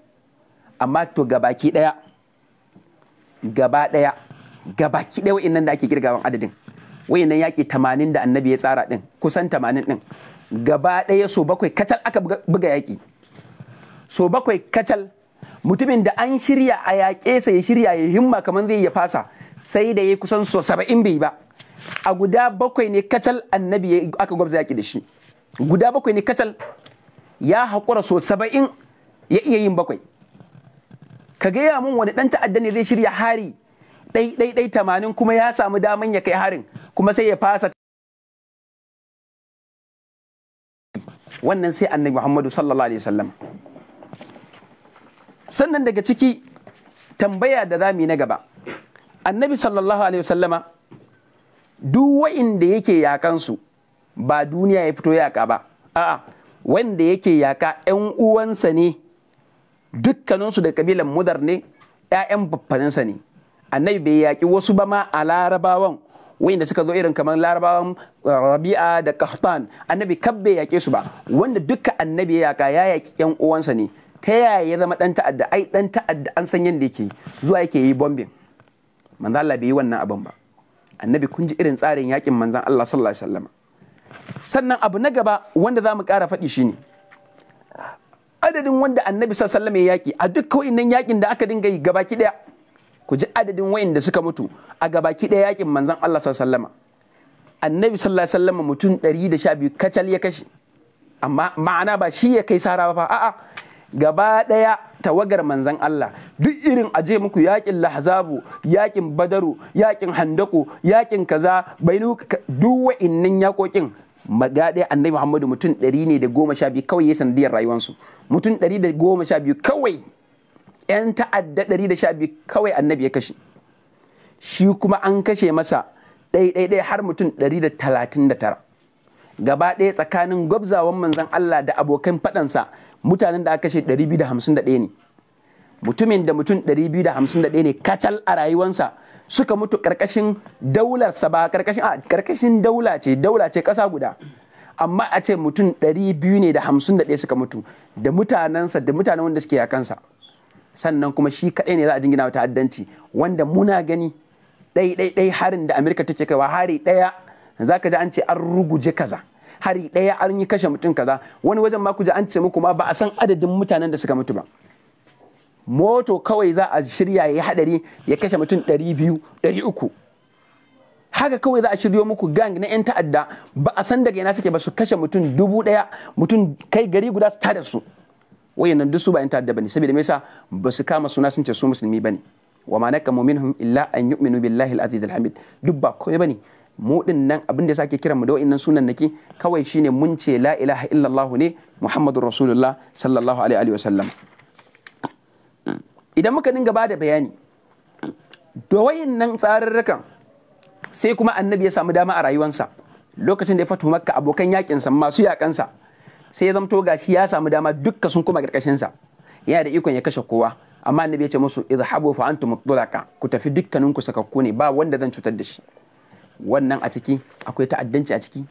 amma to gabaki ɗaya gaba ɗaya gabaki ɗaya nan da ake girgawan adadin nan yaƙi tamanin da annabi ya tsara ɗin kusan tamanin ɗin gaba ɗaya so bakwai kacal aka buga yaƙi so bakwai kacal mutumin da an shirya a yaƙe sa ya shirya ya himma kamar zai ya fasa sai da ya kusan so saba'in bai ba a guda bakwai ne kacal annabi ya aka gwabza yaki da shi guda bakwai ne kacal ya haƙura so saba'in ya iya yin bakwai ka gaya mun wani ɗan ta'adda ne zai shirya hari ɗai tamanin kuma ya samu daman ya kai harin kuma sai ya fasa wannan sai annabi muhammadu sallallahu alaihi wasallam sannan daga ciki tambaya da za yi na gaba annabi sallallahu alaihi wasallama duk wa'inda yake yakansu ba duniya ya fito yaka ba a'a wanda yake yaka 'yan uwansa ne dukkaninsu da kabilan mudar ne 'ya'yan baffaninsa ne annabi bai yaki wasu ba ma a larabawan wanda suka zo irin kamar larabawan rabi'a da kahtan annabi kab bai yaƙe su ba wanda duka annabi ya yaƙa ya yaki 'yan uwansa ne ta yaya ya zama ɗan ta'adda ai ɗan ta'adda an san yadda yake zuwa yake yi bombin manzo Allah bai yi wannan abin ba annabi kun ji irin tsarin yakin manzan Allah sallallahu alaihi sannan abu na gaba wanda za mu kara faɗi shine adadin wanda annabi sallallahu alaihi ya yaki a duk nan yakin da aka dinga yi gabaki daya ku ji adadin wayanda suka mutu a gabaki daya yakin manzan Allah sallallahu alaihi wasallam annabi sallallahu alaihi wasallam mutum 112 kacal ya kashe amma ma'ana ba shi ya kai Sarawa ba a'a gaba ɗaya tawagar manzan Allah duk irin aje muku yakin lahzabu yakin badaru yakin handaku yakin kaza bainu duk wa'innan yakokin magaɗe annabi Muhammadu mutum ɗari ne da goma sha biyu kawai ya sandiyar rayuwarsu mutum ɗari da goma sha biyu kawai ‘yan ta'adda ɗari da sha biyu kawai annabi ya kashe shi kuma an kashe masa ɗaiɗaiɗai har mutum ɗari da talatin da tara gaba ɗaya tsakanin gwabzawan manzan Allah da abokan faɗansa mutanen da aka kashe 251 ne mutumin da mutum 251 ne kacal a rayuwansa suka mutu karkashin daular sa ba karkashin a karkashin daula ce daula ce kasa guda amma a ce mutum 200 ne da 51 suka mutu da mutanensa da mutanen wanda suke yakansa sannan kuma shi kaɗai ne za a jingina wa ta'addanci wanda muna gani ɗai ɗai ɗai harin da Amurka take kaiwa hari ɗaya zaka ji an ce an ruguje kaza hari ɗaya an yi kashe mutum kaza wani wajen ma kuje an ce muku ma ba a san adadin mutanen da suka mutu ba moto kawai za a shirya ya hadari ya kashe mutum ɗari biyu ɗari uku haka kawai za a shiryo muku gang na 'yan ta'adda ba a san daga yana suke ba su kashe mutum dubu ɗaya mutum kai gari guda su tada su wayannan duk su ba 'yan ta'adda bane saboda me yasa ba su kama suna sun ce su musulmi bane wa ma naqamu illa an yu'minu billahi al-aziz al-hamid duk ba komai bane mu din nan abin da sake kiran mu da wa'annan sunan naki kawai shine mun ce la ilaha illallah ne muhammadur rasulullah sallallahu alaihi wa sallam idan muka dinga ba da bayani da wa'annan tsararrakan sai kuma annabi ya samu dama a rayuwarsa lokacin da ya fatu makka abokan yakin sa masu yakan sa sai ya zamto gashi ya samu dama dukka sun kuma karkashin sa yana da ikon ya kashe kowa amma annabi ya ce musu idhabu fa antum mutlaqa ku tafi dukkaninku sakakku ne ba wanda zan cutar da shi wannan a ciki akwai ta'addanci a ciki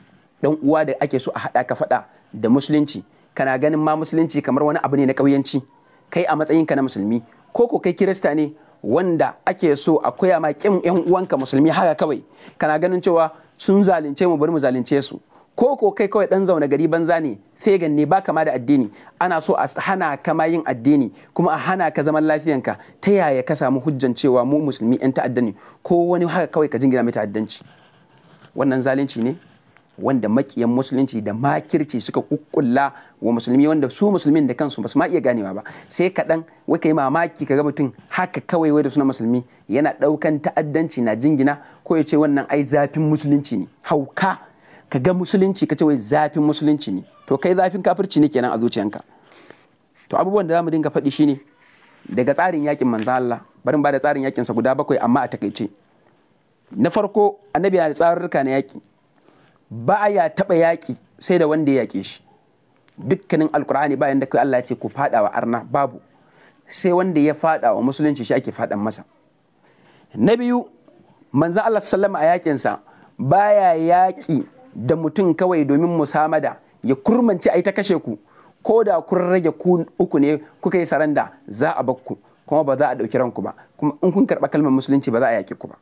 dan uwa da ake so a haɗa ka faɗa da musulunci kana ganin ma musulunci kamar wani abu ne na ƙauyanci kai a matsayin ka na musulmi ko ko kai kirista ne wanda ake so a koya ma kin yan uwanka musulmi haka kawai kana ganin cewa sun zalunce mu bari mu zalunce su ko ko kai kawai dan zaune gari banza ne fegan ne ba kama da addini ana so a hana kama yin addini kuma a hana ka zaman lafiyanka ta yaya ka samu hujjan cewa mu musulmi yan ta'adda ne ko wani haka kawai ka jingina mai ta'addanci wannan zalunci ne wanda makiyan musulunci da makirci suka kukkulla wa musulmi wanda su musulmin da kansu basu ma iya ganewa ba sai kaɗan wai kai mamaki ga mutum haka kawai wai da suna musulmi yana ɗaukan ta'addanci na jingina ko ya ce wannan ai zafin musulunci ne hauka ka ga musulunci ka ce wai zafin musulunci ne to kai zafin kafirci ne kenan a zuciyanka to abubuwan da zamu dinga faɗi shine daga tsarin yakin manzo Allah barin ba da tsarin yakin sa guda bakwai amma a takaice na farko annabi yana da tsarurruka na yaki ba ya taɓa yaki sai da wanda ya yake shi dukkanin alkur'ani bayan da kai Allah ya ce ku faɗawa arna babu sai wanda ya faɗa wa musulunci shi ake fadan masa na biyu manzo Allah sallama a yakin sa baya yaki da mutum kawai domin musamada ya kurmanci a ta kashe ku ko da kun rage ku uku ne kuka yi saranda za a bakku kuma ba za a ɗauki ranku ba kuma in kun karɓa kalmar musulunci ba za a yaƙi ku ba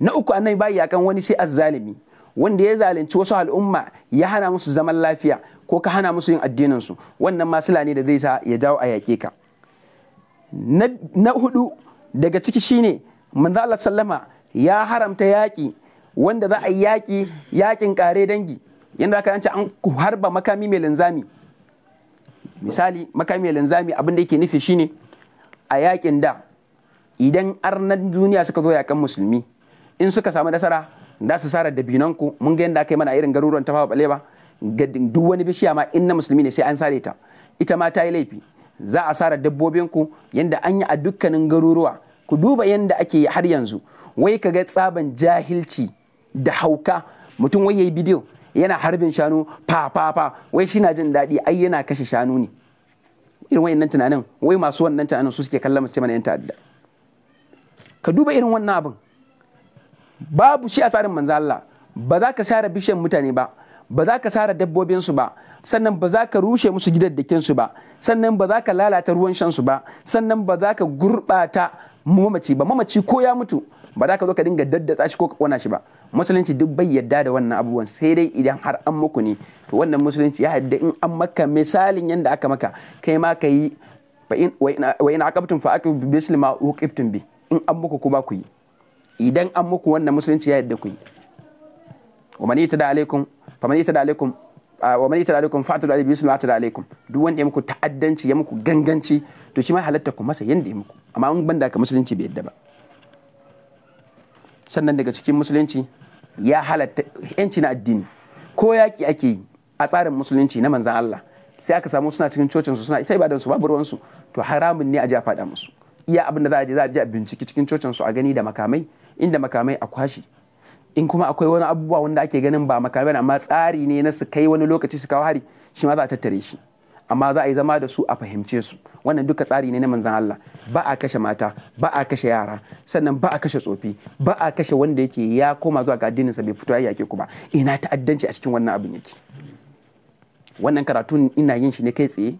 na uku annabi bai yakan wani sai azzalimi wanda ya zalunci wasu al'umma ya hana musu zaman lafiya ko ka hana musu yin addinin su wannan masula ne da zai sa ya jawo a yaƙe ka na hudu daga ciki shine manzo Allah sallama ya haramta yaƙi wanda za a yi yaƙi yaƙin ƙare dangi yadda aka yanci an harba makami mai linzami misali makami mai linzami abin da yake nufi ne a yaƙin da idan arnan duniya suka zo yaƙan musulmi in suka samu nasara da su sara dabinanku mun ga yadda aka yi mana irin garuruwan tafawa balewa ga duk wani bishiya ma in na musulmi ne sai an sare ta ita ma ta yi laifi za a sara dabbobin ku yadda an yi a dukkanin garuruwa ku duba yadda ake har yanzu wai ka ga tsaban jahilci da hauka mutum wai ya yi bidiyo yana harbin shanu fa fa fa wai shi na jin daɗi ai yana kashe shanu ne irin wayannan tunanin wai masu wannan tunanin su suke kallon musamman mana yan ta'adda ka duba irin wannan abin babu shi a tsarin Manzala. Allah ba za ka share bishiyar mutane ba ba za ka sare dabbobinsu ba sannan ba za ka rushe musu gidaddakinsu ba sannan ba za ka lalata ruwan shansu ba sannan ba za ka gurɓata mamaci ba mamaci ko ya mutu ba za ka zo ka dinga daddatsa shi ko ka kona shi ba musulunci duk bai yadda da wannan abubuwan sai dai idan har an muku ne to wannan musulunci ya yadda in an maka misalin yanda aka maka kai ma ka yi wa ina aqabtum fa aka bi misli ma bi in an muku ba ku yi idan an muku wannan musulunci ya yadda ku yi wa man da alaikum fa man da alaikum wa man yatada alaikum fa'tu alaihi bismi wa tada alaikum duk wanda ya muku ta'addanci ya muku ganganci to shi ma halatta ku masa yanda ya muku amma in banda ka musulunci bai yadda ba sannan daga cikin musulunci ya halatta yanci na addini ko yaƙi ake yi a tsarin musulunci na manzan Allah sai aka samu suna cikin cocin cocinsu suna ita su babu ruwansu to haramun ne a ji a faɗa musu iya abin da za a je za a je a binciki cikin cocinsu a gani da makamai inda makamai a kwashi in kuma akwai wani abubuwa wanda ake ganin ba makamai amma tsari ne na su kai wani lokaci su kawo hari shi ma za a tattare shi amma za a yi zama da su a fahimce su wannan duka tsari ne na manzan Allah ba a kashe mata ba a kashe yara sannan ba a kashe tsofi ba a kashe wanda yake ya koma zuwa ga addininsa bai fito ya yake ku ina ta'addanci a cikin wannan abin yake wannan karatun ina yin shi ne kai tsaye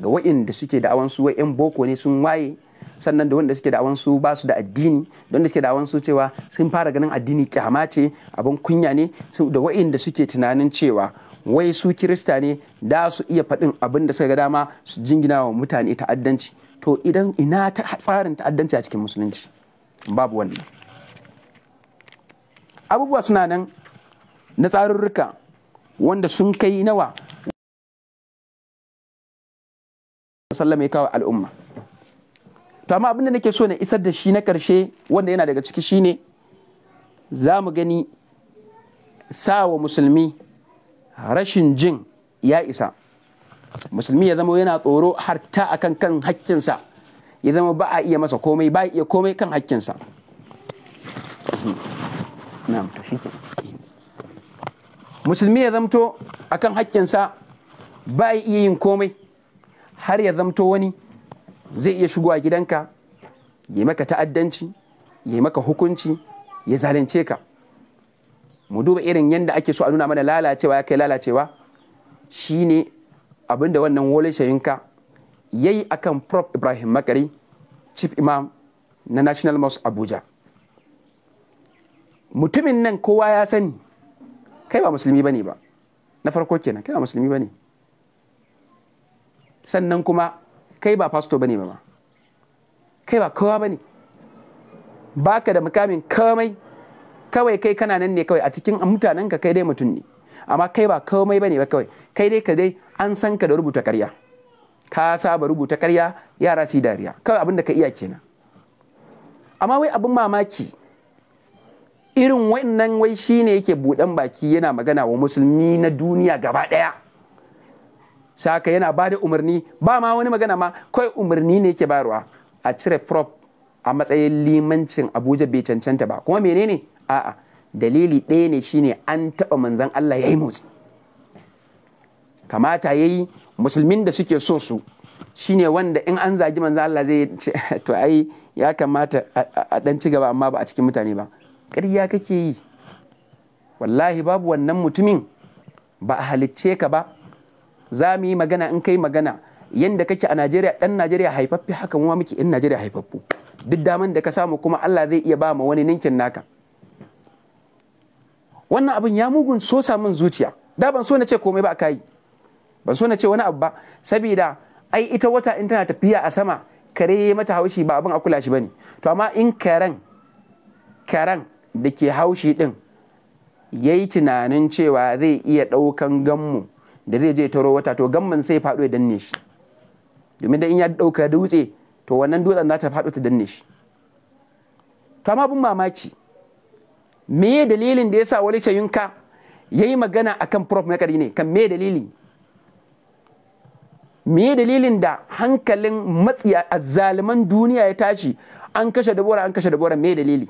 ga wa'inda suke da awansu su wa'in boko ne sun waye sannan da wanda suke da awansu ba su da addini da wanda suke da awansu cewa sun fara ganin addini kyama ce abin kunya ne da wa'inda suke tunanin cewa wai su kirista ne da su iya faɗin abin da suka ga dama su jingina wa mutane ta'addanci to idan ina tsarin ta'addanci a cikin musulunci babu wannan abubuwa suna nan na tsarurruka wanda sun kai nawa sallama ya kawo al'umma to amma abin da nake so na isar da shi na karshe wanda yana daga ciki shine za mu gani sa wa musulmi rashin jin ya isa musulmi ya zama yana tsoro har ta akan kan hakkinsa ya zama ba a iya masa komai ba iya komai kan hakkinsa musulmi ya zamto akan hakkinsa ba a iya yin komai har ya zamto wani zai iya shigo a gidanka ya maka ta'addanci ya maka hukunci ya zalunce ka mu duba irin yadda ake so a nuna mana lalacewa ya kai lalacewa shine ne abinda wannan wole shahinka ya yi a kan prof ibrahim makari chief imam na national mosque abuja mutumin nan kowa ya sani kai ba musulmi ba ne ba na farko kenan kai ba musulmi ba ne sannan kuma kai ba pastor ba ne ba kai ba kowa ba ne ba ka da mukamin kamai kawai kai kana nan ne kawai a cikin mutanen ka kai dai mutum ne amma kai ba komai bane ba kawai kai dai ka dai an san ka da rubuta karya ka saba rubuta karya yara su dariya kawai abin da ka iya kenan amma wai abin mamaki irin wannan wai shine yake buɗan baki yana magana wa musulmi na duniya gaba ɗaya saka yana ba da umarni ba ma wani magana ma kawai umarni ne yake bayarwa a cire prop a matsayin limancin abuja bai cancanta ba kuma menene a'a dalili ɗaya ne shine an taɓa manzan Allah ya yi motsi kamata ya yi musulmin da suke so su shine wanda in an zagi manzan Allah zai ce [LAUGHS] to ai ya kamata a ɗan ci gaba amma ba a cikin mutane ba ƙarya kake yi wallahi babu wannan mutumin ba a halicce ka ba za mu yi magana in kai magana yadda kake a najeriya ɗan najeriya haifaffe haka mu muke in najeriya haifaffu duk daman da ka samu kuma allah zai iya ba ma wani ninkin naka wannan abin ya mugun so samun zuciya da ban so na ce komai ba a kayi ban so na ce wani abu ba saboda ai ita wata in tana tafiya a sama kare ya mata haushi ba abin a kula shi ne. to amma in karen karen da ke haushi din ya yi tunanin cewa zai iya ɗaukan gammu da zai je taro wata to gamman sai faɗo ya danne shi domin da in ya ɗauka dutse to wannan dutsen za ta faɗo ta danne shi to amma abin mamaki me dalilin da ya sa wali shayunka yi magana akan prof na ne kan me dalili me dalilin da hankalin matsi a zaliman duniya ya tashi an kashe dabora an kashe dabora me dalili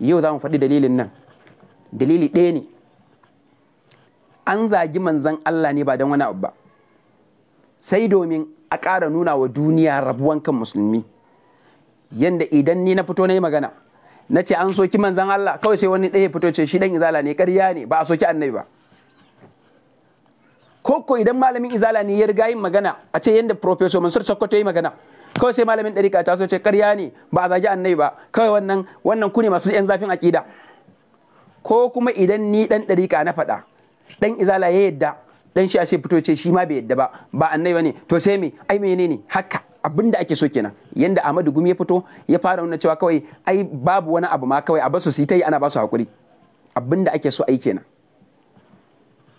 yau za mu faɗi dalilin nan dalili ɗaya ne an zagi manzan Allah ne ba don wani abu ba sai domin a ƙara nuna wa duniya rabuwan kan musulmi yanda idan ni na fito na yi magana na ce an soki manzan Allah kawai sai wani ɗaya fito ce shi dan izala ne ƙarya ne ba a soki annabi ba koko idan malamin izala ne ya riga yin magana a ce yadda professor Mansur Sokoto yi magana kawai sai malamin ɗarika ta so ce ƙarya ne ba a zagi annabi ba kawai wannan wannan ku ne masu yan zafin aƙida ko kuma idan ni ɗan ɗarika na faɗa ɗan izala ya yadda dan shi a ce fito ce shi ma bai yadda ba ba annabi ne to sai me ai menene haka abin da ake so kenan yanda Ahmadu Gumi ya fito ya fara nuna cewa kawai ai babu wani abu ma kawai a basu su yi ana basu hakuri abin da ake so ai kenan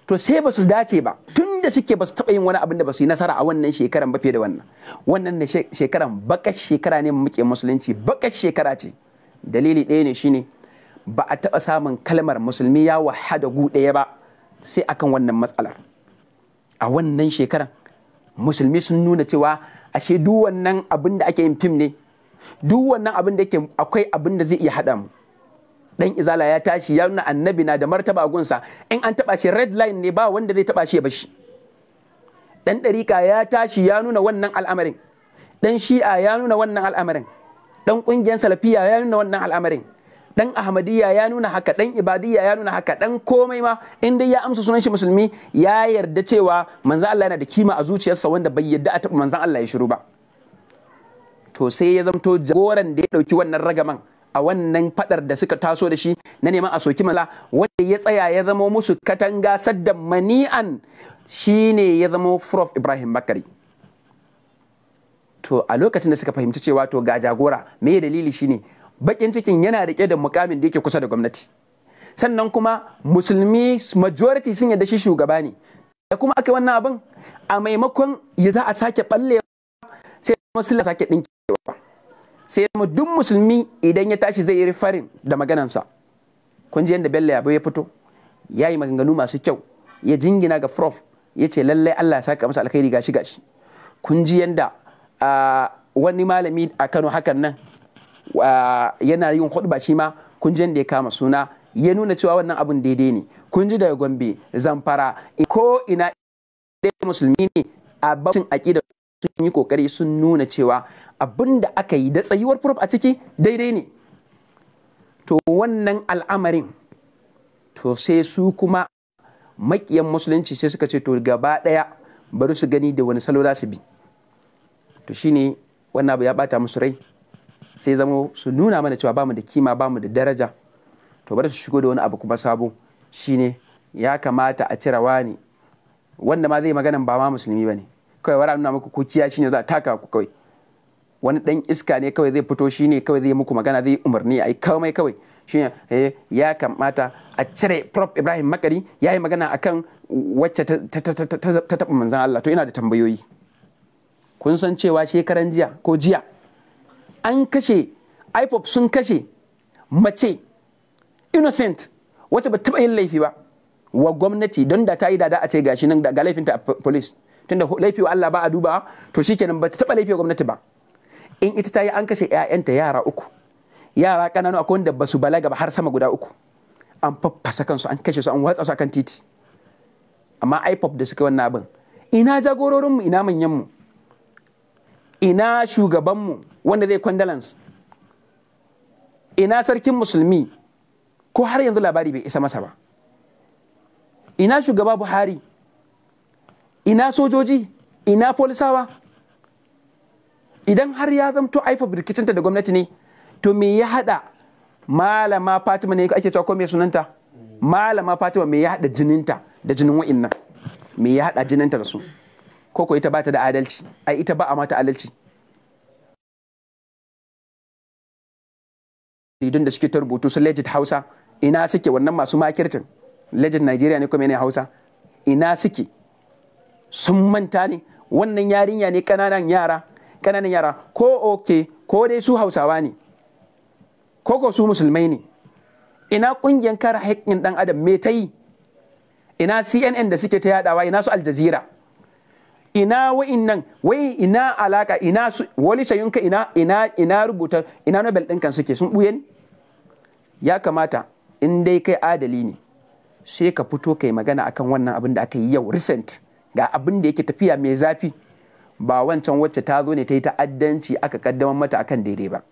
to sai ba dace ba tun da suke ba su taɓa yin wani abin da ba su yi nasara a wannan shekaran ba fiye da wannan wannan shekaran bakas shekara ne muke musulunci bakas shekara ce dalili ɗaya ne shine ba a taɓa samun kalmar musulmi ya wahada gu ɗaya ba sai akan wannan matsalar a wannan shekaran musulmi sun nuna cewa ashe duk wannan abin da ake yin fim ne duk wannan abin da yake akwai abin da zai iya haɗa mu dan izala ya tashi ya nuna annabi na da martaba gunsa in an taba shi red line ne ba wanda zai taba shi ya bashi dan dariqa ya tashi ya nuna wannan al'amarin dan shi'a ya nuna wannan al'amarin dan ƙungiyar salafiya ya nuna wannan al'amarin dan ahmadiyya ya nuna haka dan ibadiyya ya nuna haka dan komai ma in dai ya amsa sunan shi musulmi ya yarda cewa manzon Allah yana da kima a zuciyarsa wanda bai yarda a taɓa manzon Allah ya shiru ba to sai ya zamto jagoran da ya ɗauki wannan ragaman a wannan fadar da suka taso da shi na neman a soki mala wanda ya tsaya ya zamo musu katanga sadda mani'an shine ya zamo prof ibrahim bakari to a lokacin da suka fahimci cewa to ga jagora me dalili shine bakin cikin yana rike da mukamin da yake kusa da gwamnati sannan kuma musulmi majority sun yarda shi shugaba ne da kuma aka wannan abin a maimakon ya za a sake balle sai musulmi sake dinkewa sai mu duk musulmi idan ya tashi zai yi farin da maganansa kun ji yadda bello yabo ya fito ya yi maganganu masu kyau ya jingina ga prof ya ce lallai allah ya saka masa alkhairi gashi gashi kun ji yadda ah, wani malami a kano hakan nan yana yin hudu ba shi ma kunjin da ya kama suna ya nuna cewa wannan abun daidai ne kun ji daga gombe zamfara ko ina musulmi ne a bacin aƙida sun yi kokari sun nuna cewa abin da aka yi da tsayuwar prof a ciki daidai ne to wannan al'amarin to sai su kuma makiyan musulunci sai suka ce to gaba ɗaya bari su gani da wani salo za su bi to shine wannan abu ya bata musu rai sai zama su nuna mana cewa bamu da kima bamu da daraja to bari su shigo da wani abu kuma sabo shine ya kamata a cire wani wanda ma zai magana ba ma musulmi bane kawai wara nuna muku kukiya shine za a taka ku kawai wani dan iska ne kawai zai fito shine kawai zai muku magana zai umarni ai komai kawai shine eh, ya kamata a cire prof ibrahim makari ya yi magana akan wacce ta taba manzan allah to ina da tambayoyi kun san cewa shekaran jiya ko jiya an kashe ipop sun kashe mace innocent wacce ba taba yin laifi ba wa gwamnati don da ta yi dada a ce gashi nan ga laifinta a police tunda laifi wa Allah ba a duba to shikenan ba ta taba laifi wa gwamnati ba in ita ta yi an kashe 'ya'yanta yara uku yara ƙananu akwai wanda ba su balaga ba har sama guda uku an faffasa kansu an kashe su an watsa su akan titi amma ipop da suka wannan abin ina jagororinmu ina manyanmu ina shugabanmu wanda zai kwandalans ina sarkin musulmi ko har yanzu labari bai isa masa ba ina shugaba buhari ina sojoji ina polisawa idan har ya zamto aifa birkicinta da gwamnati ne to me ya hada malama fatima ne ake cewa ko me sunanta malama fatima me ya hada jininta da jinin nan me ya hada jininta da su ko ko ita ba ta da adalci ai ita ba a mata adalci jaridun da suke ta rubutu su legit hausa ina suke wannan masu makircin legit nigeria ne kuma ne hausa ina suke sun manta ne wannan yarinya ne kananan yara kananan yara ko oke ko dai su hausawa ne ko ko su musulmai ne ina kungiyar kare haƙƙin dan adam me ta yi ina cnn da suke ta yadawa ina su aljazira ina wa'innan wai ina alaka ina su wani sayunka ina ina ina rubuta ina nobel ɗinkan kan suke sun buye ne ya kamata in dai kai adali ne sai ka fito kai magana akan wannan abin da aka yi yau recent ga abin da yake tafiya mai zafi ba wancan wacce ta zo ne ta yi ta'addanci aka kaddamar mata akan daidai ba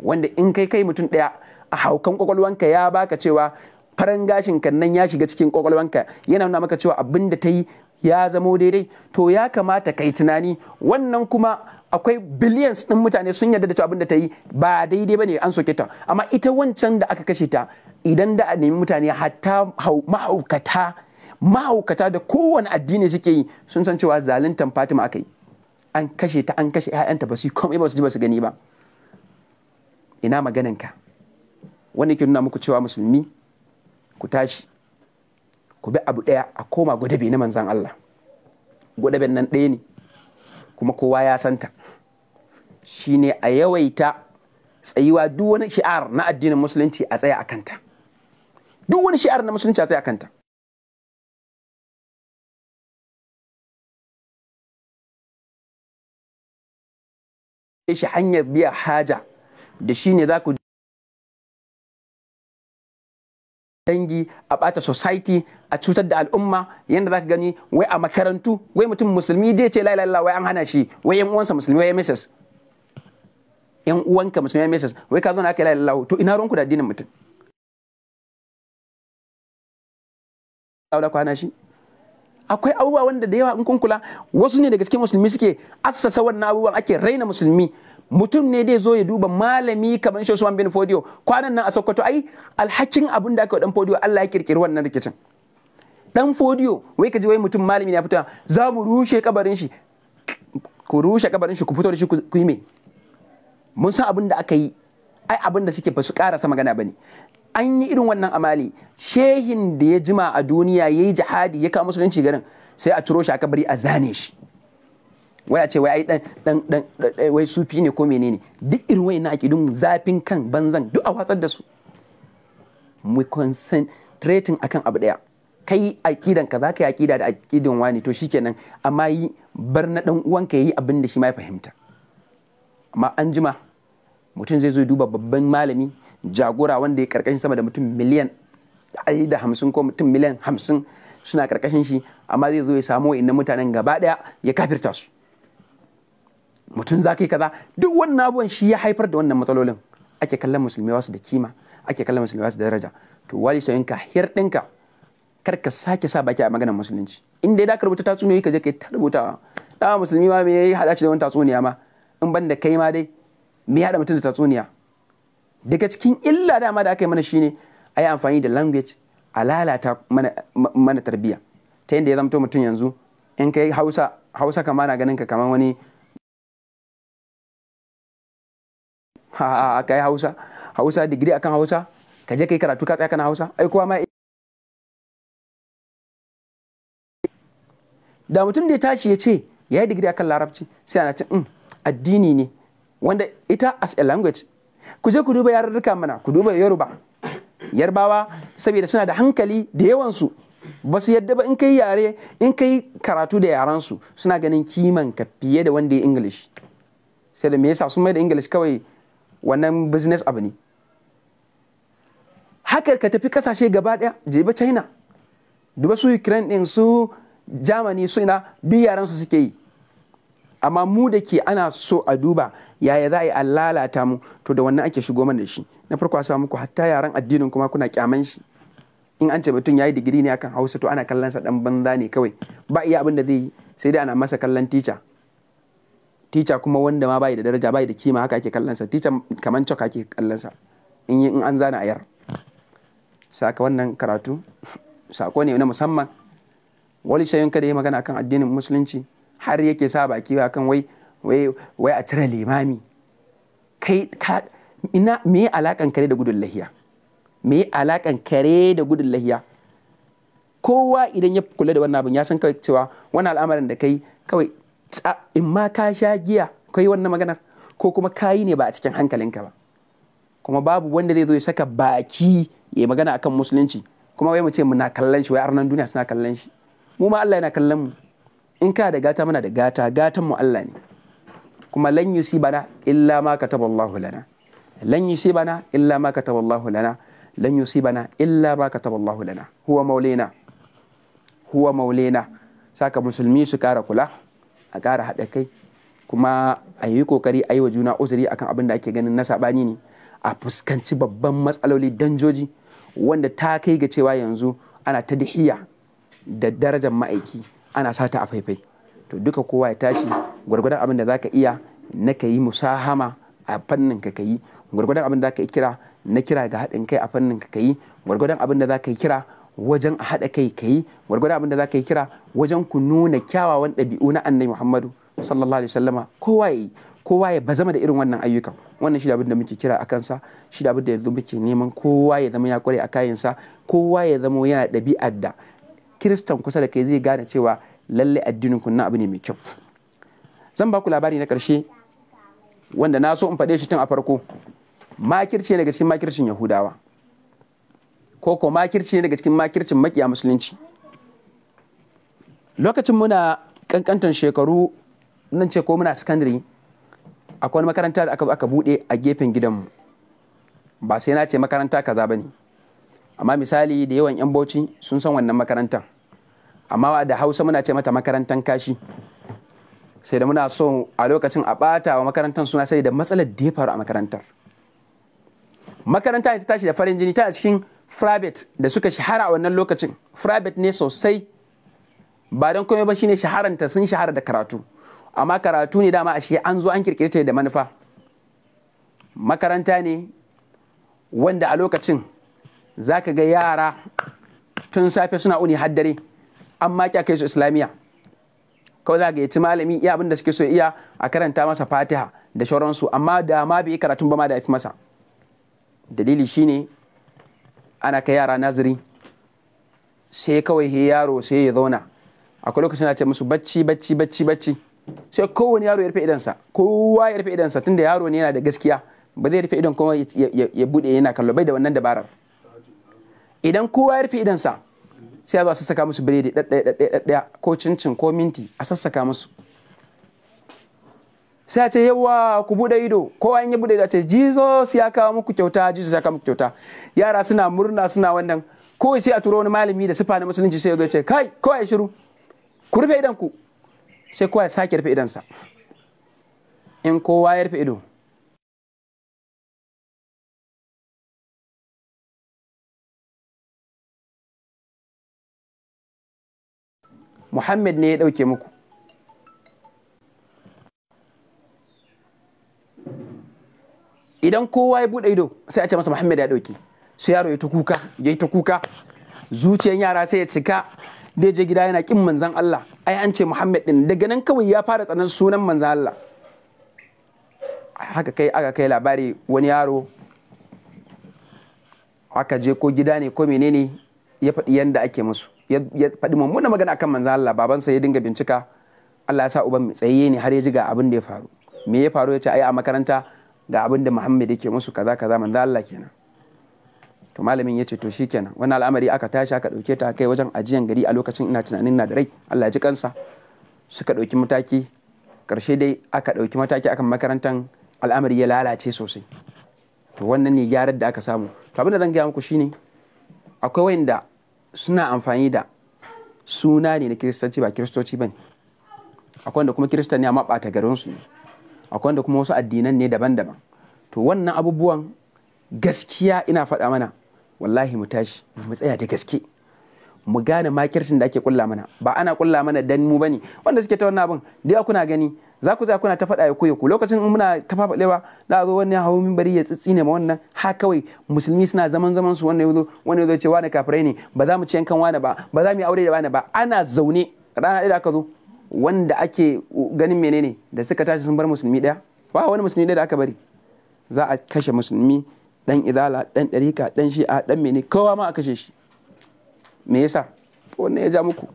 wanda in kai kai mutum ɗaya a haukan kwakwalwanka ya baka cewa farin gashin kan nan ya shiga cikin kwakwalwanka yana nuna maka cewa abin da ta yi ya zamo daidai to ya kamata ka yi tunani wannan kuma akwai billions ɗin mutane sun yarda da abin da ta yi ba daidai ba ne an soke ta amma ita wancan da aka kashe ta idan da a nemi mutane hatta mahaukata mahaukata da kowane addini suke yi sun san cewa zaluntan fatima aka yi an kashe ta an kashe 'ya'yanta ba su komai ba su ji ba su gani ba ina maganan ka wanda ke nuna muku cewa musulmi ku tashi ku bi abu ɗaya a koma gwadabe na manzan Allah gwadaben nan ɗaya ne kuma kowa ya santa shine a yawaita tsayuwa duk wani shi'ar na addinin musulunci a tsaya a kanta duk wani shi'ar na musulunci a tsaya a kanta shi hanyar biya haja da shi ne za ku dangi a bata society a cutar da al'umma yadda za ka gani wai a makarantu wai mutum musulmi dai ce la la wai an hana shi wai yan uwansa musulmi wai mrs yan uwanka musulmi mrs wai ka zauna aka la la to ina ruwanku da addinin mutum Allah ku hana shi akwai abubuwa wanda da yawa in kun kula wasu ne daga cikin musulmi suke assasa wannan abubuwan ake raina musulmi mutum ne dai zo ya duba malami kamar shi Usman bin Fodio kwanan nan a Sokoto ai alhakin abin da aka dan Fodio Allah ya kirkiri wannan rikicin dan Fodio wai kaji wai mutum malami ne ya fita za mu rushe kabarin shi ku rushe kabarin shi ku fito da shi ku yi me mun san abin da aka yi ai abin da suke ba su karasa magana bane an yi irin wannan amali shehin da ya jima a duniya ya yi jihadi ya kawo musulunci garin sai a ciro shi a bari a zane shi wai a ce wai ai dan dan wai sufi ne ko menene duk irin ake akidun zafin kan banzan duk a watsar da su mu concentrating akan abu daya kai akidan ka zaka yi akida da akidan wani to shikenan amma yi bar na dan uwan ka yi abin da shi ma ya fahimta amma an jima mutum zai zo duba babban malami jagora wanda ya karkashin sama da mutum miliyan ayi da hamsin ko mutum miliyan hamsin suna karkashin shi amma zai zo ya samu inna mutanen gaba daya ya kafirta su mutum za ka yi kaza duk wannan abubuwan shi ya haifar da wannan matsalolin ake kallon musulmi wasu da kima ake kallon musulmi wasu da daraja to wali sayinka hir ɗinka kar ka sake sa baki a maganar musulunci Inda ya dakar rubuta tatsuniyoyi ka je ka yi ta rubutawa dama musulmi ma me yi hada shi da wani tatsuniya ma in ban da kai ma dai me ya hada mutum da tatsuniya daga cikin illa dama da aka yi mana shine a yi amfani da language a lalata mana tarbiyya ta yadda ya zama mutum yanzu in kai hausa hausa kama na ganin ka kamar wani a kai hausa hausa digiri akan hausa ka je kai karatu ka tsaya kana hausa ai kowa ma da mutum da ya tashi ya ce ya yi digiri akan larabci sai ana ce hmm, addini ne wanda ita as a language ku je ku duba yarurruka mana ku duba yoruba yarbawa saboda suna da hankali da yawansu ba su yadda ba in kai yare in kai karatu da yaransu suna ganin kiman ka fiye da wanda ya english sai da me yasa sun mai da english kawai wannan business abu ne haka ka tafi kasashe gaba daya ba china duba su ukraine din su germany su ina duk yaransu suke yi amma mu da ke ana so a duba yaya za a yi lalata mu to da wannan ake shigo mana da shi na farko a sa muku hatta yaran addinin kuma kuna kyaman shi in an ce mutum ya yi digiri ne akan hausa to ana kallon sa dan banza ne kawai ba iya abin da zai yi sai dai ana masa kallon tica tica kuma wanda ma bai da daraja bai da kima haka ake kallon sa tica kaman cok ake kallon sa in yi in an zana ayar saka wannan karatu sako ne na musamman wani sayon kada yi magana akan addinin musulunci har yake sa baki ba kan wai a cire limami kai ka ina me alakan kare da gudun lahiya me alakan kare da gudun lahiya kowa idan ya kula da wannan abin ya san kawai cewa wani al'amarin da kai kawai in ma ka sha giya kai wannan maganar ko kuma kayi ne ba a cikin hankalinka ba kuma babu wanda zai zo ya saka baki ya magana akan musulunci kuma wai mu ce muna kallon shi wai arnan duniya suna kallon shi mu ma Allah yana kallon mu in ka da gata muna da gata gatan mu Allah ne kuma lan bana illa ma kataballahu lana lan bana illa ma kataballahu lana lan bana illa ma kataballahu lana huwa maulena huwa maulena saka musulmi su kara kula a kara haɗa kai kuma a yi kokari a yi wa juna uzuri akan abin da ake ganin na saɓani ne a fuskanci babban matsaloli danjoji wanda ta kai ga cewa yanzu ana ta da darajar ma'aiki ana sata a faifai to duka kowa ya tashi gwargwadon abin da zaka iya na ka yi musahama a fannin ka yi gwargwadon abin da zaka kira na kira ga haɗin kai a fannin ka kayi gwargwadon abin da zaka kira wajen a haɗa kai kayi yi gwargwadon abin da zaka kira wajen ku nuna kyawawan ɗabi'u na annabi muhammadu sallallahu alaihi wasallama kowa ya yi kowa ya bazama da irin wannan ayyuka wannan shi da abin da muke kira a kansa shi da abin da yanzu muke neman kowa ya zama ya kware a kayansa kowa ya zama yana ɗabi'ar da kiristan kusa da kai zai gane cewa lalle addinin kunna abu ne mai kyau zan ba ku labari na ƙarshe wanda na so in faɗe shi tun a farko makirci ne daga cikin makircin yahudawa ko ko makirci ne daga cikin makircin makiya musulunci lokacin muna kankantan shekaru nan ce ko muna sakandare akwai wani makaranta da aka aka bude a gefen gidanmu ba sai na ce makaranta kaza ba ne amma misali da yawan yan bauchi sun san wannan makarantar amma da hausa muna ce mata makarantar kashi sai da muna so a lokacin a ɓata wa makarantar suna sai da matsalar da ya faru a makarantar makaranta ta tashi da farin jini tana cikin private da suka shahara a wannan lokacin private ne sosai ba don komai ba shi ne shaharanta sun shahara da karatu amma karatu ne dama a shi an zo an kirkire ta da manufa makaranta ne wanda a lokacin za ka ga yara tun safe suna uni haddare dare amma kya kai su islamiyya kawai za ga ya ci malami iya abin da suke so iya a karanta masa fatiha da shauransu amma da ma bai karatun ba ma da fi masa dalili shine ana kai yara naziri sai kawai he yaro sai ya zauna akwai lokacin ce musu bacci bacci bacci bacci sai kowane yaro ya rufe idansa kowa ya rufe idansa tunda yaro ne yana da gaskiya ba zai rufe idan kuma ya bude yana kallo bai da wannan dabarar idan kowa ya rufe idansa sai a a sassaka musu biredi ɗaɗɗaya ko cincin ko minti a sassaka musu sai a ce yawa ku buɗe ido kowa in ya bude ido a ce jesus ya kawo muku kyauta jesus ya kawo muku kyauta yara suna murna suna wannan kowai sai a turo wani malami da sifa na musulunci sai ya zo ce kai kowa ya shiru ku rufe idan ku sai kowa ya sake rufe idansa in kowa ya rufe ido muhammad ne ya ɗauke muku idan kowa ya buɗe ido sai a ce masa muhammad ya ɗauke su yaro ya ta kuka ya ta kuka zuciyan yara sai ya cika da je gida yana kin manzan Allah ai an ce Muhammad ɗin daga nan kawai ya fara tsanan sunan manzan Allah haka kai aka kai labari wani yaro aka je ko gida ne ko menene ya faɗi yanda ake musu ya faɗi mummuna magana akan manzo Allah babansa ya dinga bincika Allah ya sa uban tsayeye ne har ya ji ga abin da ya faru me ya faru ya ce ai a makaranta ga abin da Muhammad yake musu kaza kaza manzo Allah kenan to malamin ya ce to shikenan wannan al'amari aka tashi aka dauke ta kai wajen ajiyan gari a lokacin ina tunanin na da rai Allah ya ji kansa suka dauki mataki karshe dai aka dauki mataki akan makarantan al'amari ya lalace sosai to wannan ne gyarar da aka samu to abin da zan gaya muku shine akwai wanda suna amfani da suna ne na kiristanci ba kiristoci ba ne akwai wanda kuma kiristan ne amma ɓata garinsu ne akwai wanda kuma wasu addinan ne daban-daban to wannan abubuwan gaskiya ina faɗa mana wallahi mu tashi mu tsaya da gaske mu gane makircin da ake kulla mana ba ana kulla mana dan mu ne. wanda suke ta wannan abin dai kuna gani za ku za kuna ta faɗa ya koya ku lokacin in muna ta fafaɗewa za zo wani hawo bari ya tsitsine ma wannan ha kawai musulmi suna zaman zaman su wannan yazo wannan yazo ce wani kafirai ne ba za mu ci yankan wani ba ba za mu yi aure da wani ba ana zaune rana ɗaya da aka zo wanda ake ganin menene da suka tashi sun bar musulmi ɗaya ba wani musulmi ɗaya da aka bari za a kashe musulmi dan izala dan ɗarika dan shi'a dan mene kowa ma a kashe shi me yasa wannan ya ja muku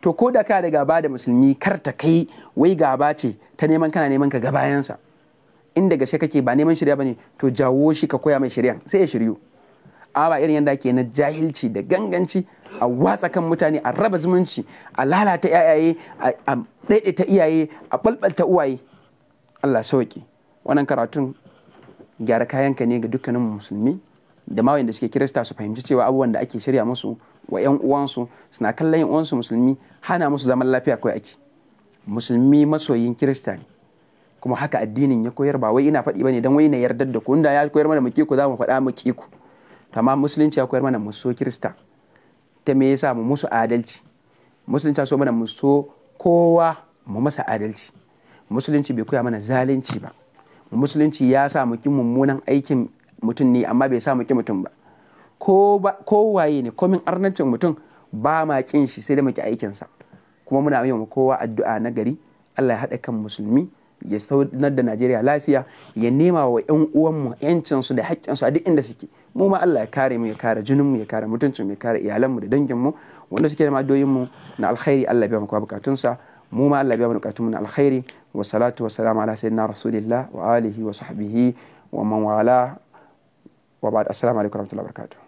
to ko da ka da gaba da musulmi kar ta kai wai gaba ce ta neman kana neman ka gabayansa inda gaske kake ba neman shirya bane to jawo shi ka koya mai shirya sai ya shiryu a ba irin yadda ke na jahilci da ganganci a watsa kan mutane a raba zumunci a lalata yayaye a daidaita iyaye a balbalta uwaye Allah sauki wannan karatun gyara kayanka ne ga dukkanin musulmi da ma wanda suke kirista su fahimci cewa abubuwan da ake shirya musu wa 'yan uwansu suna kallon 'yan uwansu musulmi hana musu zaman lafiya kawai ake musulmi masoyin kirista ne kuma haka addinin ya koyar ba wai ina faɗi bane dan wai na yarda da ku inda ya koyar mana mu ku za mu faɗa mu ku amma musulunci ya koyar mana mu so kirista ta me yasa mu musu adalci musulunci ya so mana mu so kowa mu masa adalci musulunci bai koya mana zalunci ba musulunci ya sa mu ki mummunan aikin mutum ne amma bai sa mu ki mutum ba ko waye ne komin arnancin mutum ba ma kin shi sai da muke aikinsa kuma muna yi kowa addu'a na gari Allah ya haɗa kan musulmi ya saunar da Najeriya lafiya ya nema wa 'yan uwanmu su da haƙƙinsu a duk inda suke mu ma Allah ya kare mu ya kare jininmu ya kare mutuncin mu ya kare iyalan mu da dangin mu wanda suke da mu na alkhairi Allah ya biya mu sa bukatunsa mu ma Allah ya biya mu mu na alkhairi wa salatu wa salam ala sayyidina rasulillah wa alihi wa sahbihi wa man wala wa ba'd assalamu alaikum wa barakatuh